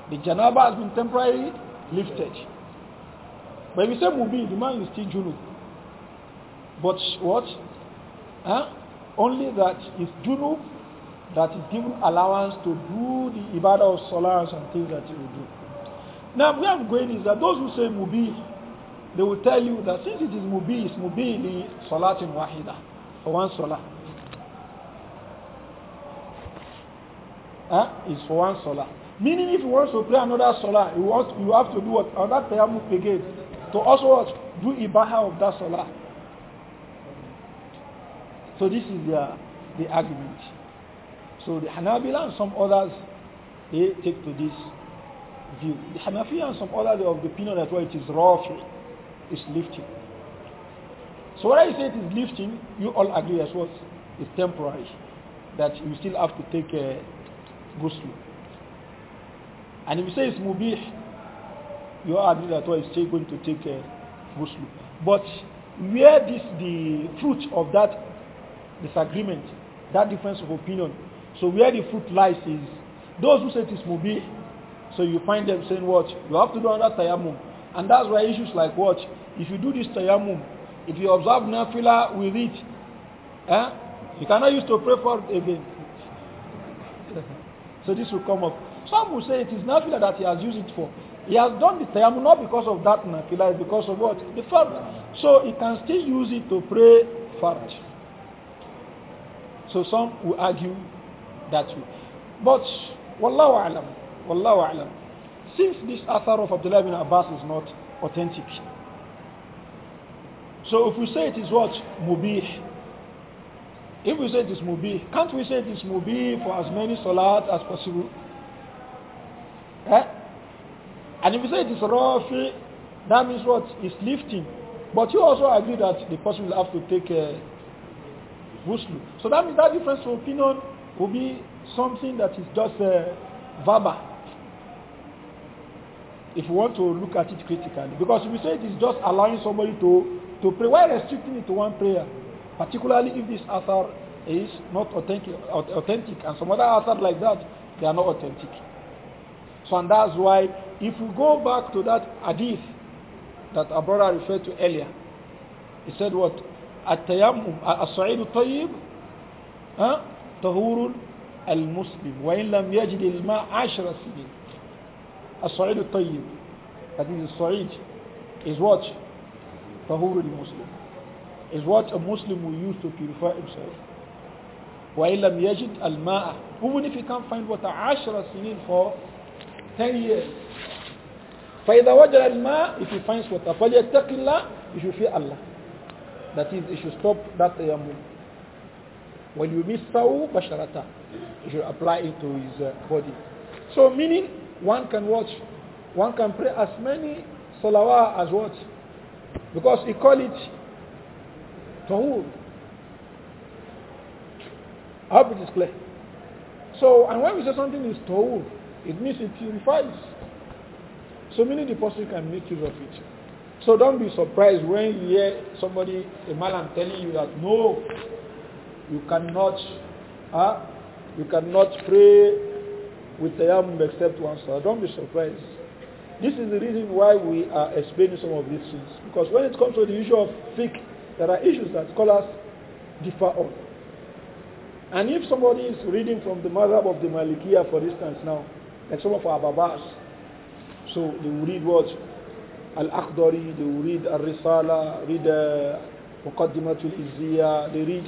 The janaba has been temporarily lifted. But if you say mubi, the man is still junub. But what? Huh? Only that is junub that is given allowance to do the ibadah of salahs and things that you will do. Now, where I'm going is that those who say mubi, they will tell you that since it is mubi, it's mubi li salatin wahida, for one salah. Huh? It's for one salah. Meaning, if he wants to pray another salah, he wants you have to do what? Another tayammum again to also what? do ibaha of that salah. So this is the, the argument. So the Hanabila and some others, they take to this view. The Hanafi and some others of the opinion that well, it is rough, it's lifting. So when I say it is lifting, you all agree as well, it's temporary, that you still have to take a ghusl. And if you say it's mubih, you all agree that well, it's still going to take a ghusl. But where this the fruit of that disagreement, that difference of opinion so where the fruit lies is, those who say it is mubi, so you find them saying what? You have to do another tayammum. And that's why issues like what? If you do this tayammum, if you observe nafila with it, eh, you cannot use to pray for again. so this will come up. Some will say it is nafila that he has used it for. He has done the tayammum not because of that nafila, because of what? The faraj. So he can still use it to pray faraj. So some will argue that way. But, wallahu alam, wallahu alam. Since this author of Abdullah ibn Abbas is not authentic, so if we say it is what? Mubih. If we say it is Mubih, can't we say it is Mubih for as many salat as possible? Eh? And if we say it is Rafi, that means what? It's lifting. But you also agree that the person will have to take a eh, ghusl. So that means that difference of opinion will be something that is just a uh, verbal. If you want to look at it critically, because we say it is just allowing somebody to, to pray, why restricting it to one prayer? Particularly if this author is not authentic, authentic and some other author like that, they are not authentic. So and that's why if we go back to that hadith that our brother referred to earlier, he said what? At-tayammum, as-sa'idu tayyib, huh? طهور المسلم وإن لم يجد الماء عشر سنين الصعيد الطيب that is الصعيد is what طهور المسلم is what a Muslim will use to purify himself وإن لم يجد الماء even if he can't find water عشر سنين for 10 years فإذا وجد الماء if he finds water فليتق الله he should fear Allah that is he should stop that tayammum when you miss saw basharata, you should apply it to his uh, body. So meaning one can watch, one can pray as many salawah as what? Because he call it tahur. I hope it is clear. So, and when we say something is tahur, it means it purifies. So meaning the person can make use of it. So don't be surprised when you hear somebody, a man, telling you that no, you cannot, uh, you cannot pray with the yam except once. So Don't be surprised. This is the reason why we are explaining some of these things. Because when it comes to the issue of fiqh, there are issues that scholars differ on. And if somebody is reading from the madhab of the Malikiya, for instance, now, like some of our babas, so they will read what? Al-Akhdari, they will read Al-Risala, read uh, Muqaddimatul Izziya, they read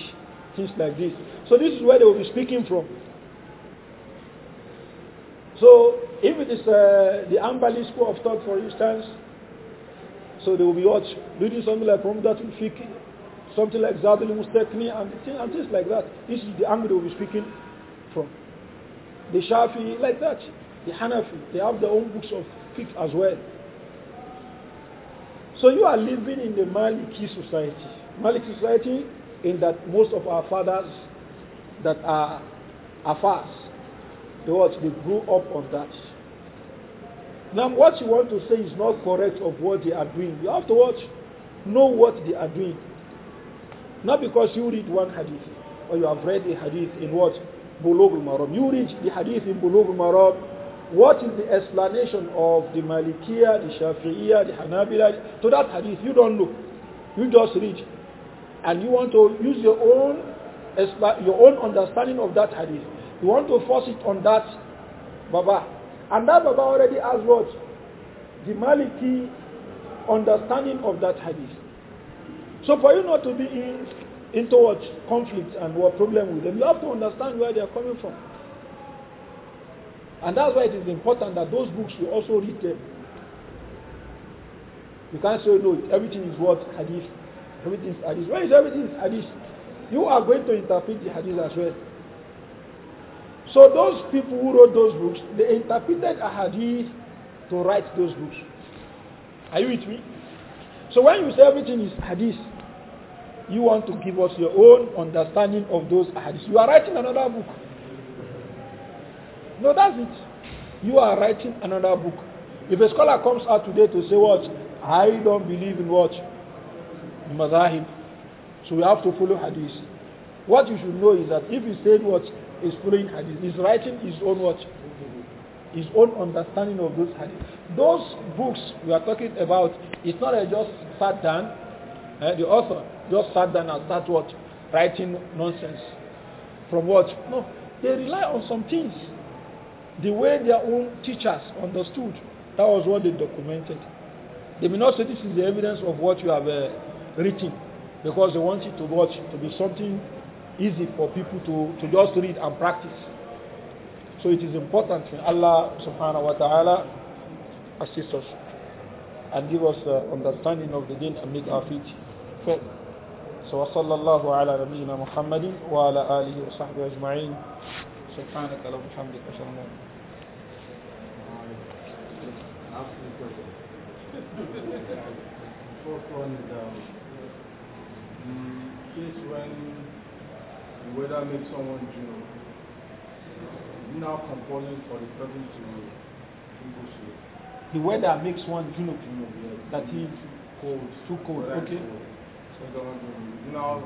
things like this. So this is where they will be speaking from. So if it is uh, the Ambali school of thought, for instance, so they will be watch, reading something like Ramdatul Fiqh, something like Zadul Mustaqni, and, and things like that. This is the angle they will be speaking from. The Shafi, like that. The Hanafi, they have their own books of fiqh as well. So you are living in the Maliki society. Maliki society in that most of our fathers that are afars, they, they grew up on that. Now, what you want to say is not correct of what they are doing. You have to watch, know what they are doing. Not because you read one hadith or you have read a hadith in what? Bulugh al-Maram. You read the hadith in Bulugh al-Maram. What is the explanation of the Malikiyah, the Shafi'iyya, the Hanabila to that hadith? You don't know. You just read and you want to use your own your own understanding of that hadith. You want to force it on that Baba. And that Baba already has what? The Maliki understanding of that hadith. So for you not to be in, into what conflict and what problem with them, you have to understand where they are coming from. And that's why it is important that those books you also read them. You can't say no, everything is what hadith. everything is hadith. When you say everything is hadith, you are going to interpret the hadith as well. So those people who wrote those books, they interpreted a hadith to write those books. Are you with me? So when you say everything is hadith, you want to give us your own understanding of those hadiths. You are writing another book. No, that's it. You are writing another book. If a scholar comes out today to say what, I don't believe in what, madahib. So we have to follow hadith. What you should know is that if he said what is following hadith, he's writing his own what? His own understanding of those hadith. Those books we are talking about, it's not that just sat down, eh, the author just sat down and start what? Writing nonsense. From what? No. They rely on some things. The way their own teachers understood, that was what they documented. They may not say this is the evidence of what you have uh, written because they want it to watch to be something easy for people to, to just read and practice. So it is important when Allah subhanahu wa ta'ala assist us and give us uh, understanding of the deen and make our feet fit. So وصلى الله على نبينا محمد وعلى آله وصحبه أجمعين سبحانك اللهم وبحمدك أشهد أن لا the case when the weather makes someone drown, is now composing for the person to go The weather makes one drown. Yes. That is cold. Too cold. Okay. So, don't Now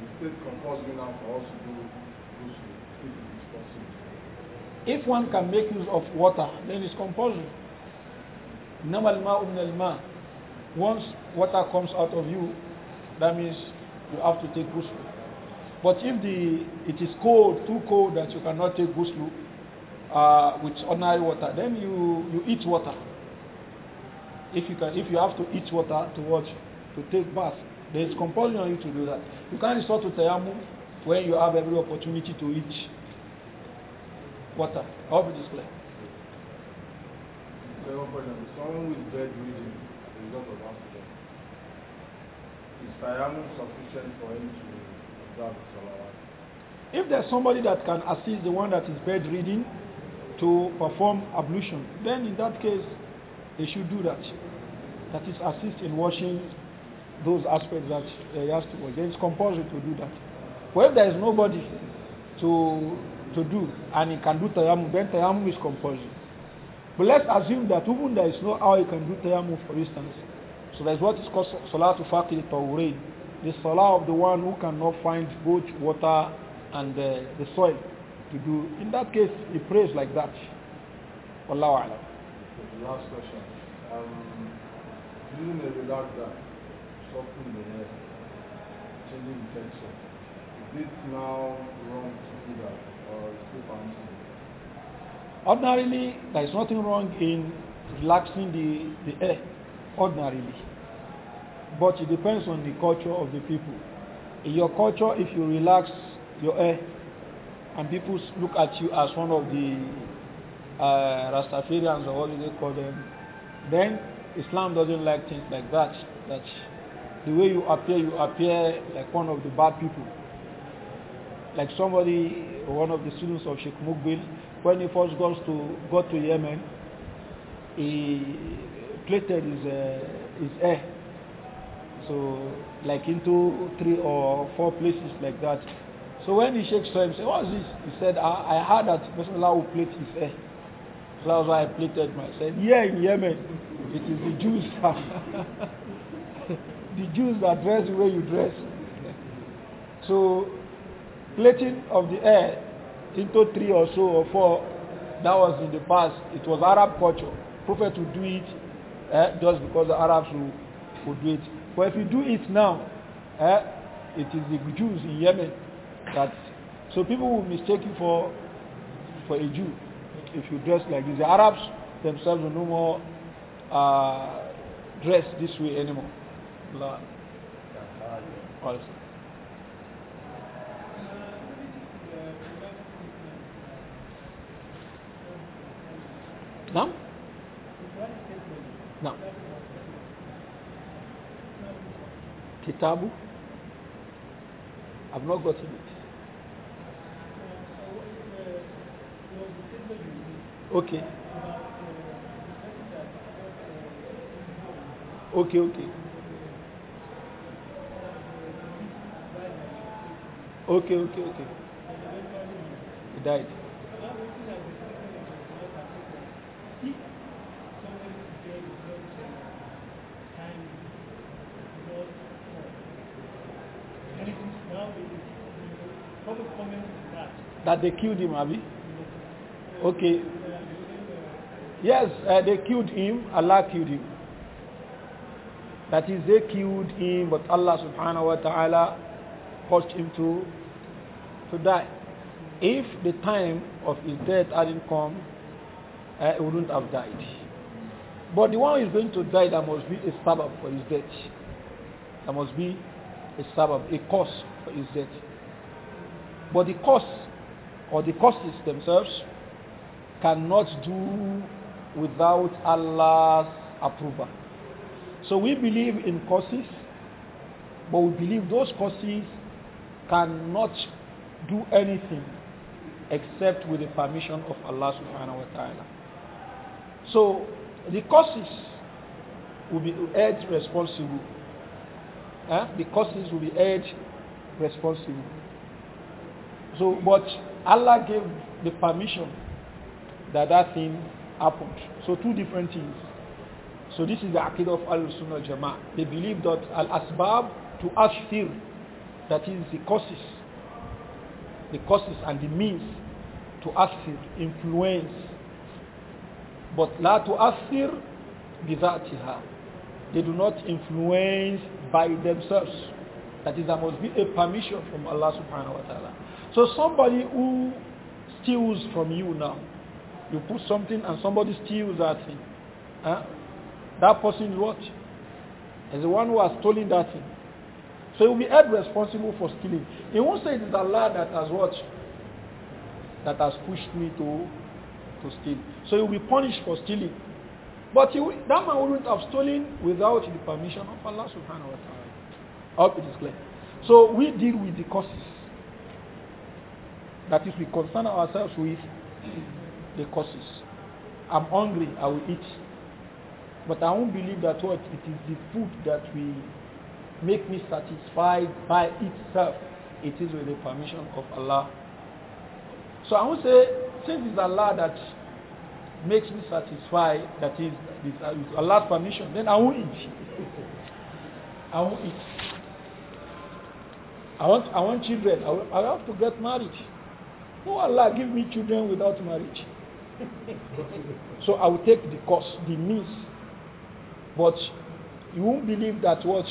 the state compulsory now for us to do go slow if it is possible. If one can make use of water, then it's compulsory. Namal ma'u Once water comes out of you, that means you have to take ghusl. But if the it is cold, too cold that you cannot take ghusl uh, with ordinary water, then you, you eat water. If you can, if you have to eat water to watch, to take bath, there is compulsion on you to do that. You can't resort to tayammum when you have every opportunity to eat water. I hope it is clear. Second question: Someone who is bedridden a of is sufficient for him to observe salawat? If there's somebody that can assist the one that is bedridden to perform ablution, then in that case, they should do that. That is assist in washing those aspects that he has to wash. It's compulsory to do that. But if there is nobody to to do and he can do tayammum, then tayammum is compulsory. But let's assume that even there is no how he can do tayammum, for instance. So that's what is called Salatul fakir Tawrid. The Salah of the one who cannot find both water and the, the soil to do. In that case, he prays like that. Allahu Alam. The last question. Um, using a relaxer, softening the hair, changing the texture, is it now wrong to do that or still permissible? Ordinarily, there is nothing wrong in relaxing the, the air ordinarily. But it depends on the culture of the people. In your culture, if you relax your air and people look at you as one of the uh, Rastafarians or what do they call them, then Islam doesn't like things like that. That the way you appear, you appear like one of the bad people. Like somebody, one of the students of Sheikh Mukbil, when he first goes to, got to Yemen, he plated is, uh, is air. So, like into three or four places like that. So when he shakes he say, what's this? He said, I, I heard that Bismillah will plate his air, So that's why I plated myself. Yeah, in Yemen, it is the Jews the Jews that dress the way you dress. So plating of the air into three or so or four, that was in the past. It was Arab culture. Prophet would do it eh, just because the Arabs will, will do it. But if you do it now, eh, it is the Jews in Yemen that, so people will mistake you for, for a Jew if you dress like this. The Arabs themselves will no more uh, dress this way anymore. Also. Kitabu? I've not gotten it. Okay. Okay, okay. Okay, okay, okay. He died. that they killed him, Abi? Okay. Yes, uh, they killed him. Allah killed him. That is, they killed him, but Allah subhanahu wa ta'ala caused him to, to die. If the time of his death hadn't come, uh, he wouldn't have died. But the one who is going to die, there must be a sabbath for his death. There must be a sabbath, a cause for his death. But the cause or the causes themselves cannot do without Allah's approval. So we believe in causes, but we believe those causes cannot do anything except with the permission of Allah subhanahu wa ta'ala. So the causes will be held responsible. Eh? The causes will be held responsible. So, but Allah gave the permission that that thing happened. So two different things. So this is the Aqidah of Al-Sunnah Jama'ah. They believe that Al-Asbab to Ashfir, that is the causes, the causes and the means to Ashfir, influence. But La to Ashfir, بذاتها. They do not influence by themselves. That is, there must be a permission from Allah subhanahu wa ta'ala. So somebody who steals from you now, you put something and somebody steals that thing. Huh? That person is what? Is the one who has stolen that thing. So he will be held responsible for stealing. He won't say it is Allah that has what? That has pushed me to to steal. So he will be punished for stealing. But will, that man wouldn't have stolen without the permission of Allah subhanahu wa ta'ala. I hope it is clear. So we deal with the causes. That is, we concern ourselves with the causes. I'm hungry, I will eat. But I won't believe that what it is the food that we make me satisfied by itself. It is with the permission of Allah. So I will say, since it's Allah that makes me satisfied, that is, with uh, Allah's permission, then I will eat. I will eat. I want, I want children. I, will, I have to get married. No, oh, Allah, give me children without marriage. so I will take the cost, the means. But you won't believe that what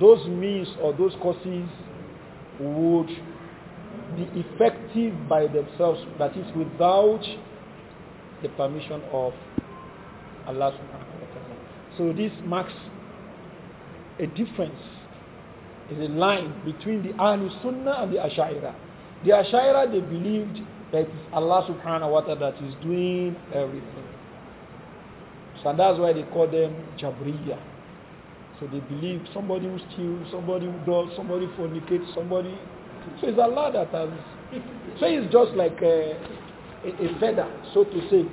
those means or those causes would be effective by themselves, that is without the permission of Allah So this marks a difference, is a line between the Ahlul Sunnah and the Ash'ira. The ashira they believed that it's Allah subhanahu wa ta'ala that is doing everything. So that's why they call them Jabriya. So they believe somebody who steals, somebody who does, somebody fornicates, somebody. So it's Allah that has. So it's just like a, a, a feather, so to say,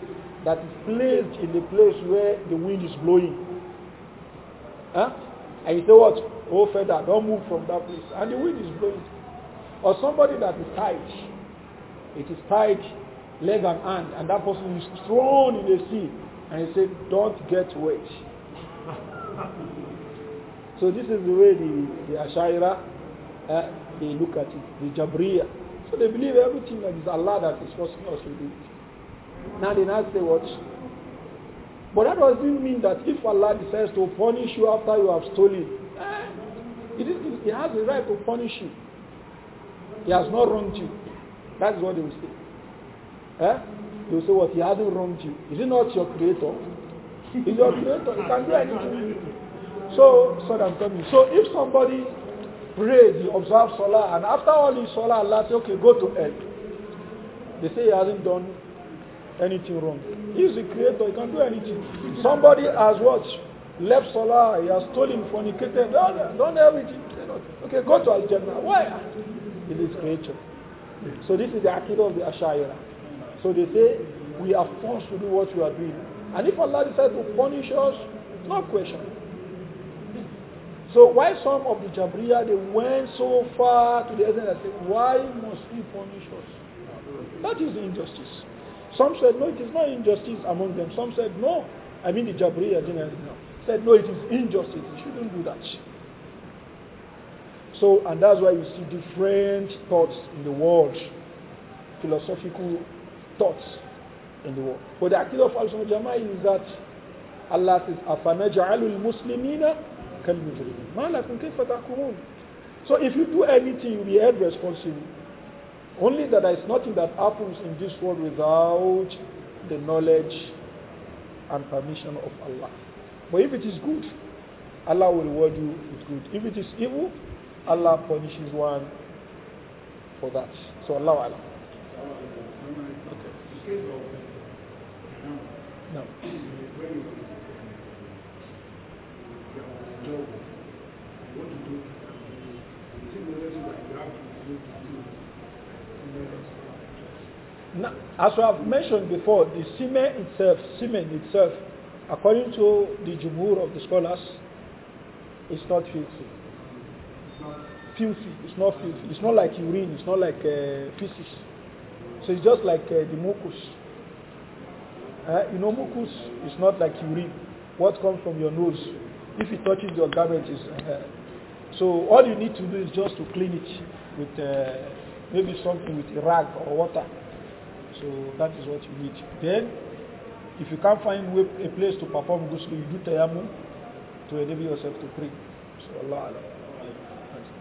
that is placed in the place where the wind is blowing. Huh? And you say what? Oh feather, don't move from that place. And the wind is blowing. Or somebody that is tied. It is tied leg and hand and that person is thrown in the sea and he said, don't get wet. so this is the way the, the Ashaira, uh, they look at it, the Jabriya. So they believe everything that is Allah that is forcing us to do it. Now they now say what? But that doesn't mean that if Allah decides to punish you after you have stolen, eh, it has the right to punish you. He has not wronged you. That's what they will say. Eh? They will say what? He hasn't wronged you. Is he not your creator? He's your creator. He can do anything. So, so I'm telling you. So if somebody prayed, he observed Salah, and after all his Salah, Allah say, okay, go to hell. They say he hasn't done anything wrong. He's the creator. He can do anything. Somebody has what? Left Salah. He has stolen, fornicated. done done everything. Okay, go to Al-Jannah. Why? in his creator. So this is the Aqidah of the Ashaira. So they say, we are forced to do what we are doing. And if Allah decides to punish us, no question. So why some of the Jabriya, they went so far to the extent that said, why must he punish us? That is injustice. Some said, no, it is not injustice among them. Some said, no. I mean the Jabriya generally Said, no, it is injustice. You shouldn't do that. So, and that's why you see different thoughts in the world, philosophical thoughts in the world. But the Aqidah of Al Jama'ah is that Allah says, أَفَنَجْعَلُ Muslimina. كَالْمُجْرِمِينَ مَا لَكُمْ كَيْفَ تَحْكُمُونَ So if you do anything, you'll be held responsible. Only that there is nothing that happens in this world without the knowledge and permission of Allah. But if it is good, Allah will reward you with good. If it is evil, Allah punishes one for that. So Allah Allah. Okay. No. Now, as I have mentioned before, the semen itself, semen itself, according to the jumhur of the scholars, is not filthy filthy. It's not filthy. It's not like urine. It's not like uh, feces. So it's just like uh, the mucus. Uh, you know, mucus is not like urine. What comes from your nose, if it touches your garment, is. Uh, so all you need to do is just to clean it with uh, maybe something with a rag or water. So that is what you need. Then, if you can't find a place to perform ghusl, you do tayammum to enable yourself to pray. So Allah. Allah.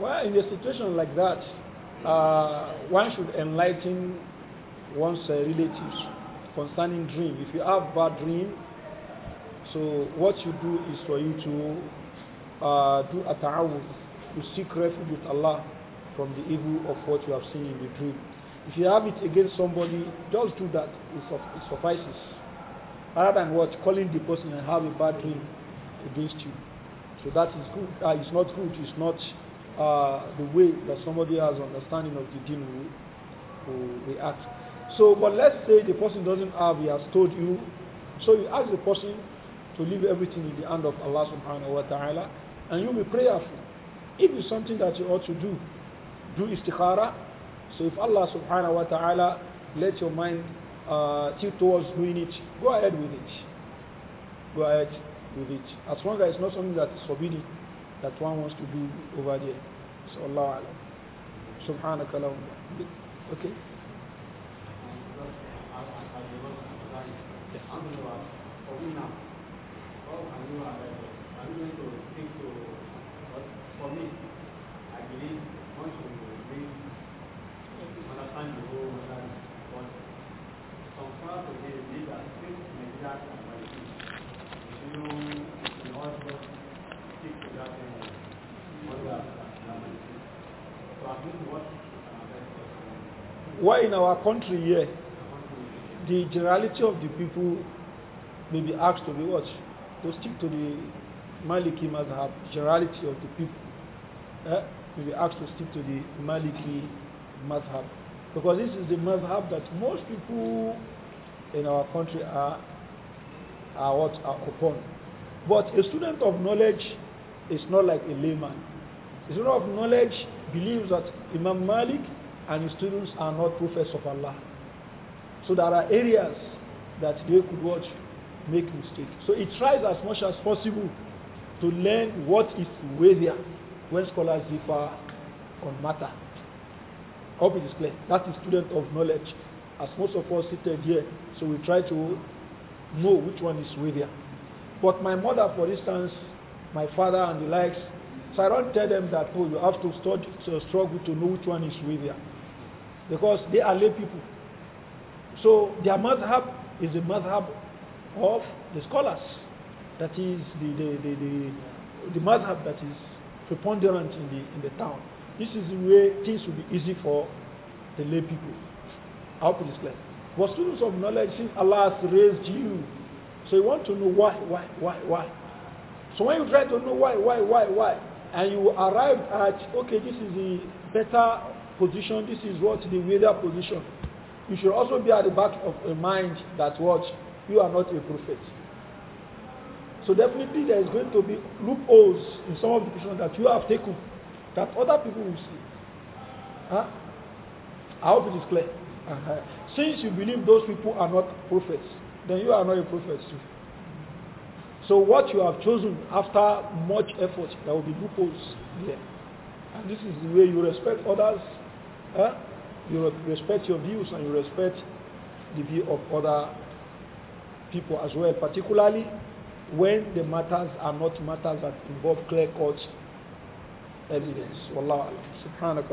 Well, in a situation like that, uh, one should enlighten one's uh, relatives concerning dream. If you have bad dream, so what you do is for you to uh, do a ta'awud, to seek refuge with Allah from the evil of what you have seen in the dream. If you have it against somebody, just do that. It, it suffices. Rather than what calling the person and have a bad dream against you. So that is good. Uh, it's not good. It's not uh, the way that somebody has understanding of the deen will, will react. So, but let's say the person doesn't have, he has told you. So you ask the person to leave everything in the hand of Allah subhanahu wa ta'ala and you'll be prayerful. If it's something that you ought to do, do istikhara so if Allah subhanahu wa ta'ala lets your mind uh, tilt towards doing it, go ahead with it. Go ahead with it. As long as it's not something that is forbidden that one wants to do over there. So Allah alam. Subhanaka Okay. I believe Why in our country here, the generality of the people may be asked to be what? To stick to the Maliki Mazhab, generality of the people eh, may be asked to stick to the Maliki Mazhab. Because this is the Mazhab that most people in our country are, are what are upon. But a student of knowledge is not like a layman. A student of knowledge believes that Imam Malik and his students are not prophets of Allah. So there are areas that they could watch make mistakes. So he tries as much as possible to learn what is weightier when scholars differ on matter. Hope it is clear. That is student of knowledge as most of us seated here, so we try to know which one is you. But my mother, for instance, my father and the likes, so I don't tell them that, oh, you have to study, to struggle to know which one is you, Because they are lay people. So their madhab is the madhab of the scholars. That is the, the, the, the, the madhab that is preponderant in the, in the town. This is the way things will be easy for the lay people i hope it is clear. But students of knowledge, since Allah has raised you, so you want to know why, why, why, why. So when you try to know why, why, why, why, and you arrived at, okay, this is the better position, this is what the weather position, you should also be at the back of a mind that what, you are not a prophet. So definitely there is going to be loopholes in some of the positions that you have taken that other people will see. Huh? I hope it is clear. Uh -huh. Since you believe those people are not prophets, then you are not a prophet too. So what you have chosen after much effort, there will be loopholes there. And this is the way you respect others. Eh? You respect your views and you respect the view of other people as well, particularly when the matters are not matters that involve clear-cut evidence. Wallahu Subhanaka